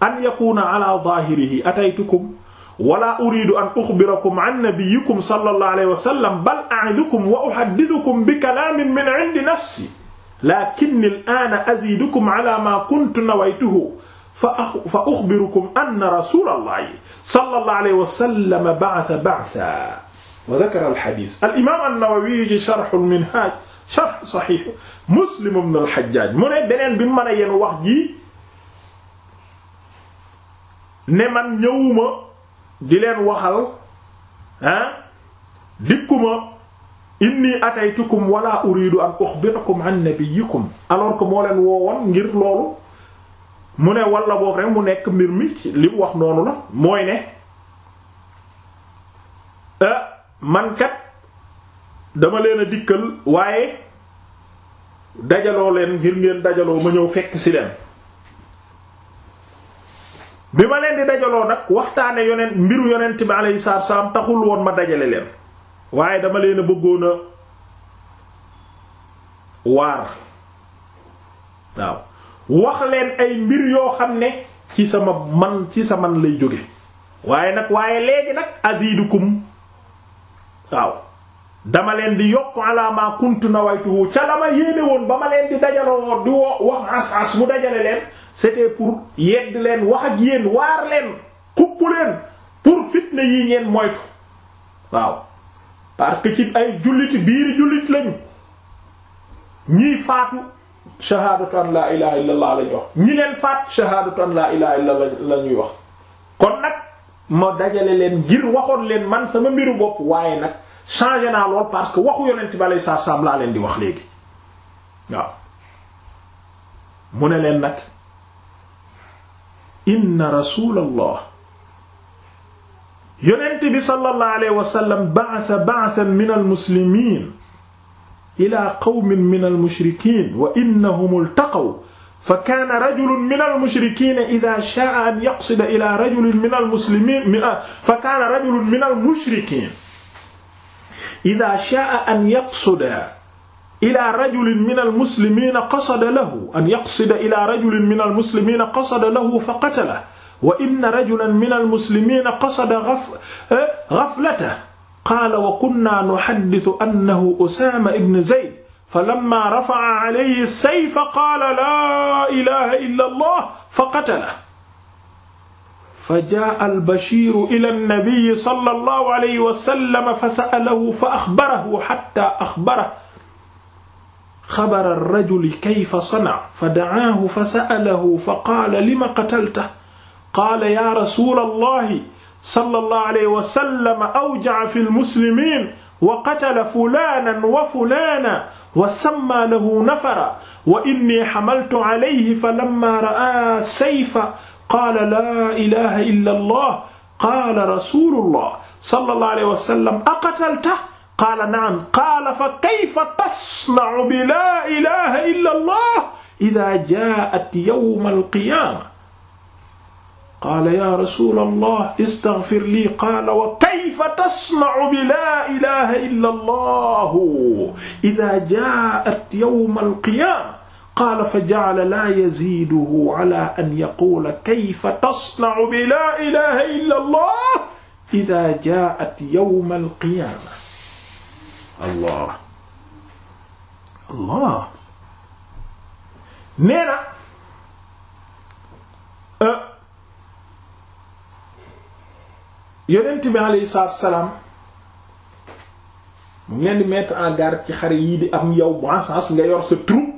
an yakuna ala zahirihi ataytukum wala uridu an uxbirakum an nabiyikum sallallahu alayhi wa sallam bal a'idukum wa uhaddithukum bi kalaamin min 'indi nafsi lakinni al-aana azidukum 'ala ma kuntu nawaytuhu fa uxbirukum anna rasulallahi sallallahu alayhi wa sallam ba'atha ba'than wa dhakara al-hadith al-imam an-nawawi ci sharh al-minhaj sharh sahih muslim ibn al-hajjaj mu ne beneen bi mën a yéen wax ji ne man ñëwuma di leen waxal ah dikkuma inni ataytukum wala uridu an ukhbirakum bi nabiyyikum alors que moo leen woowoon ngir loolu mu ne wala boog rek mu nekk mbir mi li mu wax noonu la mooy ne ah, man kat dama leen a dikkal waaye dajaloo leen ngir ngeen dajaloo ma ñëw fekk ci leen bi ma leen di dajaloo nag waxtaane yonent mbiru yonent bi alayhi salaatu salaam taxul woon ma dajale leen waaye dama leen a bëggoon a waar waaw wax leen ay mbir yoo xam ne ci sama man ci sa man lay jóge waaye nag waaye léegi nag azidukum waaw dama leen di yokk ala ma kuntu nawaytuhu ca la ma yéene woon ba ma leen di dajaloo di wax as as mu dajale leen c'était pour yedd leen wax ak yéen waar leen xupp leen pour fitna yi ngeen moytu waaw parce que ci ay jullit biir jullit lañu ñiy faatu shahaadatu an la ilaha illa lañuy wax ñi leen faat shahaadatu an laa ilaha illa lañuy wax kon nag ma dajale leen ngir waxoon leen man sama mbiru bopp waaye nag changé naa lool parce que waxu yonent bi alei saatu salaam laa leen di wax léegi waaw mu ne leen nag inna rasulallah yonent bi sallallahu alayhi wa sallam ba'atha ba'athan min almuslimiin ila qawmin min almushrikiin wa innahum iltaqaw fa kaana rajulun min almushrikiina idaa shaa'a an yaqsida ila rajulin min almuslimiin ah, fa kaana rajulun min almushrikiina idaa shaa'a an yaqsida ila rajulin min almuslimina qasada lahu an yaqsida ila rajulin min almuslimina qasada lahu fa qatalahu wa inna rajulan min almuslimina qasada eh, ghaflatahu qaala wa kunna nuhaddithu annahu Usaama ibn Zayd falammaa rafa'a alayhi sayfa qaala laa ilaaha illallah faqatalahu fajaa'a al-Bashiiru ilaa an-nabiyyi sallallahu alayhi wa sallam fasa'alahu fa axbarahu hattaa axbarahu xabara rajuli kayfa sana fa da'aahu fa sa'alahu fa qaala lima qatalta qaala yaa rasuulallahi sallallahu alayhi wa sallam awja'a fil muslimiin wa qatala fulaanan wa fulaanan wa sammaa lahu nafara wa innii hamaltu alayhi falammaa ra'aa sayfa qaala laa ilaaha illa allah qaala rasuulullah sallallahu alayhi wa sallam aqatalta qaala na'am qaala fa kayfa tasna'u bi laa ilaha illa allah idaa jaa'at yawma alqiyaama qaala yaa rasuula allah istaghfir lii qaala wa kayfa tasna'u bi laa ilaha illa allah idaa jaa'at yawma alqiyaama qaala fa ja'ala laa yaziiduhu alaa an yaquula kayfa tasna'u bi laa ilaha illa allah idaa jaa'at yawma alqiyaama allah allah nee na euh, yonent bi alayhi salaatu mu ngi leen di mettre en garde ci xare yii di am yow bon sens nga yor sa troupe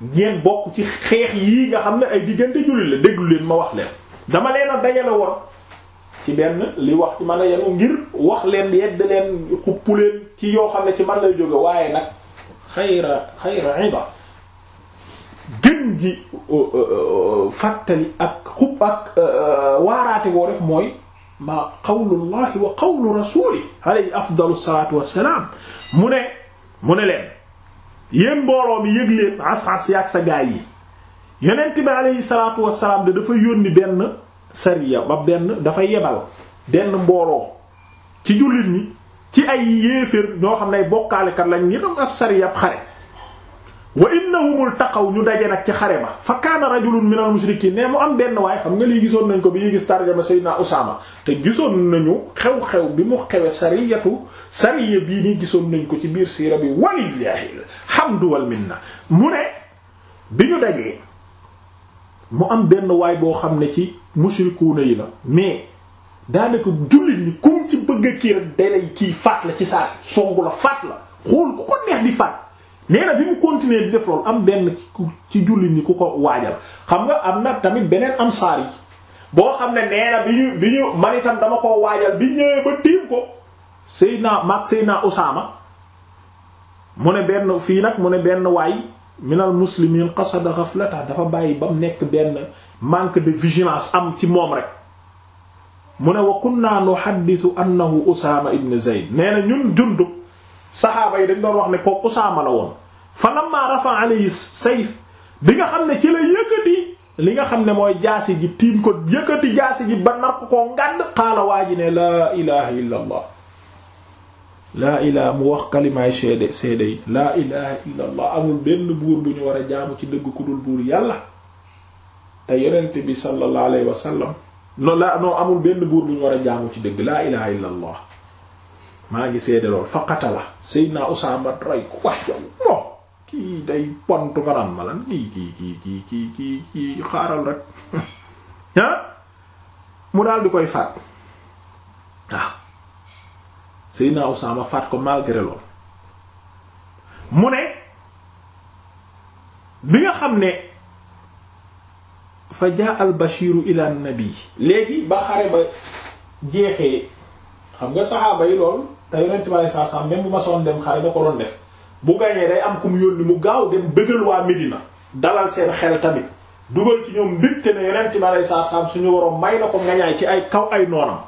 ngeen bokk ci xeex yii nga xam ne ay diggante jullit la déglu leen ma wax leen dama leen a dajale woon ci benn li wax ci mën a yenu ngir wax leen yedd leen xuppu leen ci yoo xam ne ci man lay jóge waaye nag xayra xayra ida gën ji euh, euh, euh, fàttali ak xupp ak waaraate boo def mooy maa qawlullahi wa qawlu rasuli alayhi afdalu salatu wassalaam mu ne mu ne leen yéen mbooloo mi yëg leen as-as yaak sa gaay yi yonent bi alayhi salatu wassalaam da dafa yónni benn sariya ba benn dafa yebal benn mbooloo ci jullit ñi ci ay yéeféer ñoo xam ne ay bokkaalekat lañ ngir am ab sariya ab xare wa innahum taxaw ñu daje nag ci xare ba fa kaana rajulun minal mushrikiin ne mu am benn waaye xam nga lii gisoon nañ ko bi ñuy gis tarjama Seydina Usaama te gisoon nañu xew-xew bi mu xewe sariyatu sariya bii nii gisoon nañ ko ci biir siira bi walillahi alhamdu wal minna mu ne bi ñu dajee mu am benn waay boo xam ne ci mushrikuuna yi la mais daanaka jullit ñi kum ci bëgg a kii rek kii faat la ci saa si songu la faat la xool ku ko neex di faat nee bi mu continuer di def loolu am benn ci jullit ñi ku ko waajal xam nga am na tamit beneen ansaar yi boo xam ne nee bi ñu bi ñu man dama koo waajal bi ñëwee ba tiim ko Seydina maag Seydina Usaama mu ne benn fii nag mu ne benn waay minal muslimin qasada ghaflata dafa bàyyi ba mu nekk benn manque de vigilance am ci moom rek mu ne wa kunna nuhaddithu annahu Usaama ibn Zayd nee na ñun Jundub saxaaba yi dañ doon wax ne kooku Usaama la woon fa lamma rafa alayhi sayf bi nga xam ne ci la yëkkati li nga xam ne mooy jaasi ji tiim ko yëkkati jaasi ji ba nar ko koo ngànd qaala waa ji ne laa ilaha illa laa ilaha mu wax kalimaay seede seede yi laa ilaha illa amul benn buur bu ñu war a jaamu ci dëgg ku dul buur yàlla te yonent bi sallallahu alayhi wa sallam non la non amul benn buur bu ñu war a jaamu ci dëgg laa ilaha illa allah maa ngi seede lool faqata la sayyidina Usaama ray ko wax yow non kii day pontu nga naan ma lan kii kii kii kii xaaral rek mu daal di koy faat waaw Seydina Usaama faat ko malgré lool mu ne bi nga xam ne fa jaa al bashiru ila nabi léegi ba xare ba jeexee xam nga saxaaba yi lool te yonent bi alei sat selaam même bu ma soon dem xare da ko doon def bu gañee day am ku mu yónni mu gaaw dem bëggal waa Medina dalal seen xel tamit dugal ci ñoom mbégte ne yonent bi alei sat selaam suñu waroon may na ko ngañaay ci ay kaw ay noonam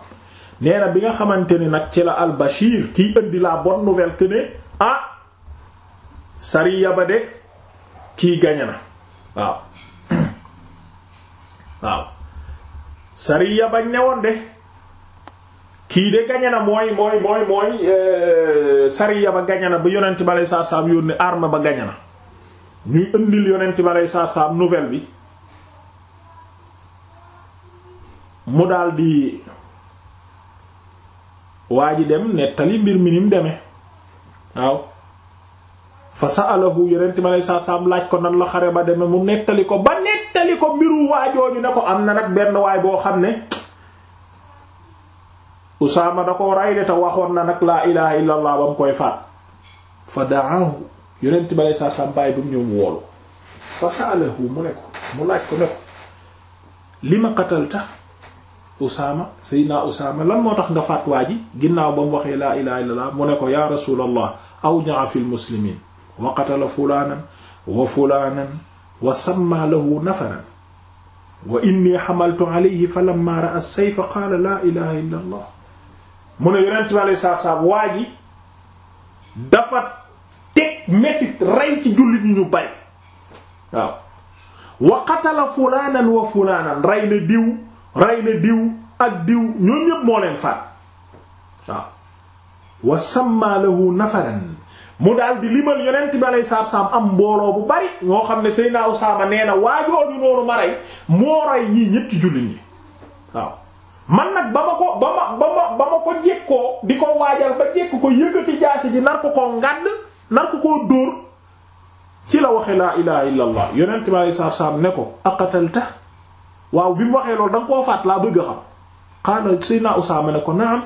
nee bi nga xamante ni nag ci la al-Bashir kiy indi la bonne nouvelle que ne ah sariya ba de kii gañe na waaw waaw sariya bañ ne woon de kii de gañe na mooy mooy mooy euh, sariya ba gañe na ba yonent bi aleyhi salaatu yónni arme ba gañe na ñuy indil yonent bi aleyhi salaatu nouvelle bi mu daldi waa ji dem nettali mbir mi nim deme waaw fa sa'alahu yonent ma lay saa laaj ko nan la xare ba demee mu nettali ko ba nettali ko mbiru waajooju ne ko am na nag benn waay boo xam ne Usaama da ko rey de te waxoon na nag laa ilaha illa allah ba mu koy faat fa da'ahu yonent ma lay saa bàyyi ba mu ñëw woolu fa sa'alahu mu ne ko mu laaj ko ne ko lima qatalta Usaama Seydina Usaama lan moo tax nga waa ji ginnaaw ba mu waxee laa ilaha illallah mu ne ko ya rasulallah wa qatala fulaanan wa fulaanan wa samma lahu nafaran wa inni xamaltu alayhi rey ci jullit ñu bari wa qatala fulaanan wa fulaanan rey na diw rey na diw ak diw ñoom ñépp moo leen faat waaw wa samma mu daal di limal yonent bi alay saab saam am mbooloo bu bari ñoo xam ne Seydina Usaama nee na waajoo ñu noonu ma rey moo rey ñii ñépp jullit ñi waaw man nag ba ma ko ba ma ba ma ba ma ko jekkoo di ko waajal ba jekk ko yëkkati jaasi ji nar ko koo ngàdd nar ko koo dóor ci la waxe laa ilaha illa allah yonent bi alay saab saam ne ko aqatalta waaw bi mu waxee loolu da koo faat laa bëgg a xam xaala Seydina Usaama ne ko naam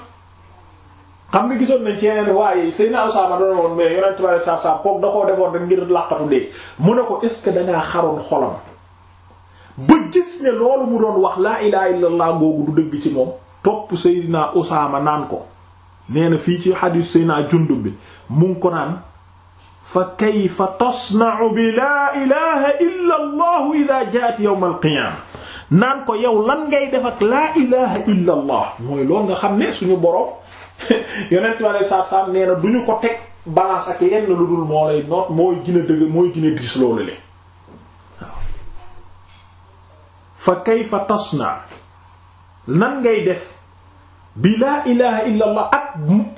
xam nga gisoon nañ ci yeneen waaye Seydina Usaama doon woon mais yonent bi alayhi salaatu salaam kook da koo defoon ngir làqatu dee mu ne ko est-ce que dangaa xaroon xolam ba gis ne loolu mu doon wax laa ilaaha illallaah googu du dëgg ci moom topp Seydina Usaama naan ko nee na fii ci xadiis Seydina Jundub bi mu ko naan fa kayfa tasna'u bi laa ilaaha illallaah idaa jaa'at naan ko yow lan ngay def ak laa ilaha illa mooy loolu nga xam ne suñu borom yonent ma lay nee na du ko teg balance ak yenn lu moo lay noot mooy gën dëgg mooy gën diis loolu le fa kayfa tasna ngay def bi laa ilaha illa allah ak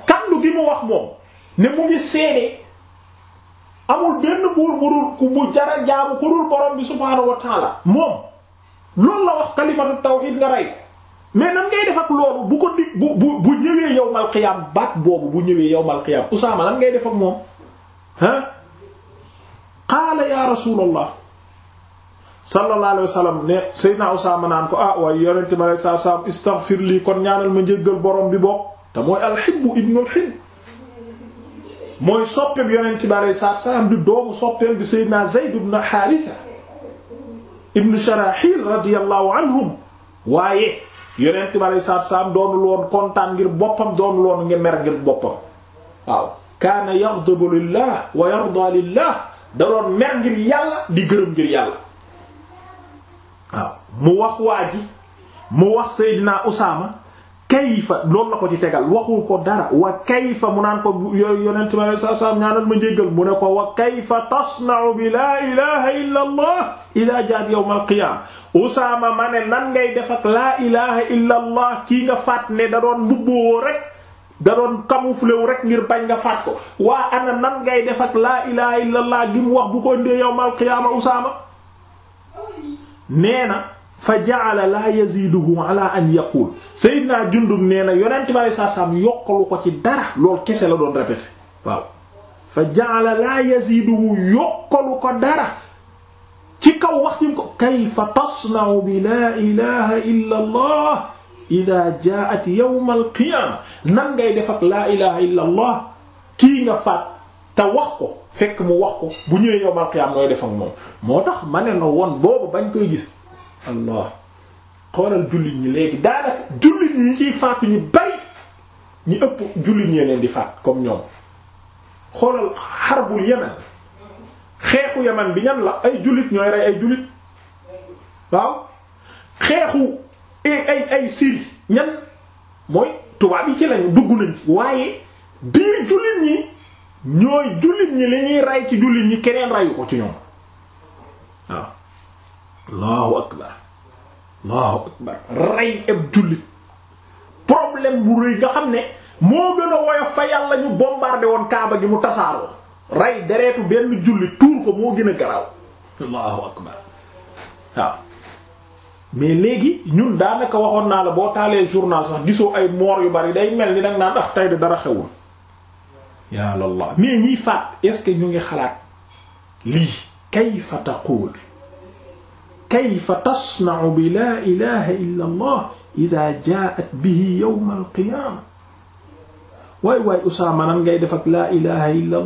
kàddu gi mu wax moom ne mu ngi seede amul benn buur bu dul ku bu jara jaamu dul borom bi subhaanahu wa moom loolu la wax kalimatu tawhid nga rey mais nan ngay def loolu bu ko dig bu bu bu ñëwee yawmal qiyaam baat boobu bu ñëwee yawmal qiyaam Usaama nan ngay def moom ah qaala ya rasulallah sallallahu alayhi wa sallam ne Seydina Usaama naan ko ah waaye yonente mi aleye sat salaam istaghfir lii kon ñaanal ma njéggal borom bi bokk te mooy alxibbu ibnul hibb mooy soppe bi yonente bi aleye sat salaam di doomu soppeem bi Seydina Zayd na Haarisa ibnu Sharaxil radiyallahu anhum waaye yonent bi alayhi salaatu salaam doonul woon kontaan ngir boppam doonul woon nga mer ngir boppam waaw kaana yaghdabu lillah wa yarda lillah da doon mer ngir yàlla di gërëm ngir yàlla waaw mu wax waa ji mu wax Seydina Usaama kayfa loolu la ko ci tegal waxu ko dara wa kayfa mu naan ko yonent bi saa saa ñaanal ma njéggal mu ne ko wa kayfa tasna'u bi laa ilaha illa allah ila ngay def ak laa ilaha illa allah kii nga faat ne da doon mbubboo rek da doon camouflé wu rek ngir bañ nga faat ko waa ana nan ngay def ak laa ilaha illa allah mu wax bu ko ndee yawm al qiyaama usaama nee na fa ja'ala la yaziduhu ala an yaqul Seydina Jundub nee na yonent bi saa saam yokkalu ko ci dara loolu kese la doon répété waaw fa ja'ala la yaziduhu yokkalu ko dara ci kaw wax jim ko kayfa tasna'u bi la ilaha illa allah ngay def ak la ilaha wax ko fekk mu wax ko bu ñëwee yawm al nooy def moom moo tax ma ne na woon boobu bañ koy gis allah xoolal jullit ñi léegi daanaka jullit ñi ciy faatu ñu bari ñi ëpp jullit ñee leen di faat comme ñoom xoolal xarbul yaman xeexu yaman bi ñan la ay jullit ñooy rey ay jullit waaw xeexu ay ay Syrie ñan mooy tubaab yi ci lañu dugg nañ waaye biir jullit ñi ñooy jullit ñi li ñuy rey ci jullit ñi keneen reyu ko ci ñoom waaw allahu akbar allahu akbar rey ab jullit problème bu rëy nga xam ne moo gën a woyof fa yàlla ñu bombardé woon kaaba gi mu tasaaroo rey dereetu benn jullit tuur ko moo gën a garaaw allahu akbar waaw mais léegi ñun daanaka waxoon naa la boo taalee journal sax gisoo ay moor yu bari day mel ni danga naan ndax ah, tey de dara xewul ya Allah mais ñiy faat est-ce que ñu ngi xalaat lii kayfa taqul kayfa tasna'u bi laa ilaha illa allah jaat bihi yowm alqiyaama waay waay usaama nan ngay def ak laa ilaha illa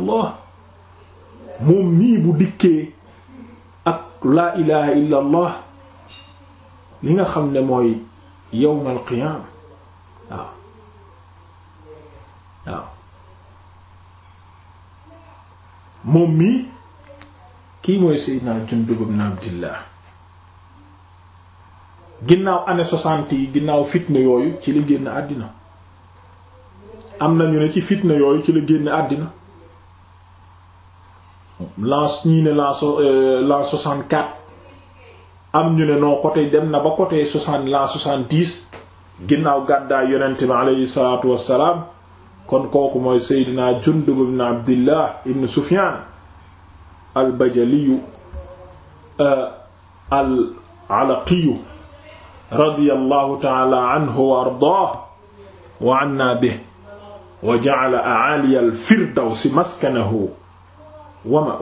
bu dikkee ak laa ilaha illa allah li nga xam ne mooy yowm alqiyaama kii mooy seydina Jundub ibn Abdillah ginnaaw année soixante yi ginnaaw fitna yooyu ci la génn àddina am nañu ne ci fitna yooyu ci la génn àddina l'an ñii ne l'an euh, l'an soixante quatre am ñu ne noo côté dem na ba côté soixante l'an soixante dix ginnaaw gàddaay yonent bi aleyhi salaatu wassalaam kon kooku mooy seydinaa Jundub ibn Abdillah ibn Sufyaan al bajaliyu euh, al alaqiyu radiyallahu ta'ala anhu wa ardaahu wa anna bihi wa ja'ala a'aaliya al-firdawsi maskanahu wa ma'waahu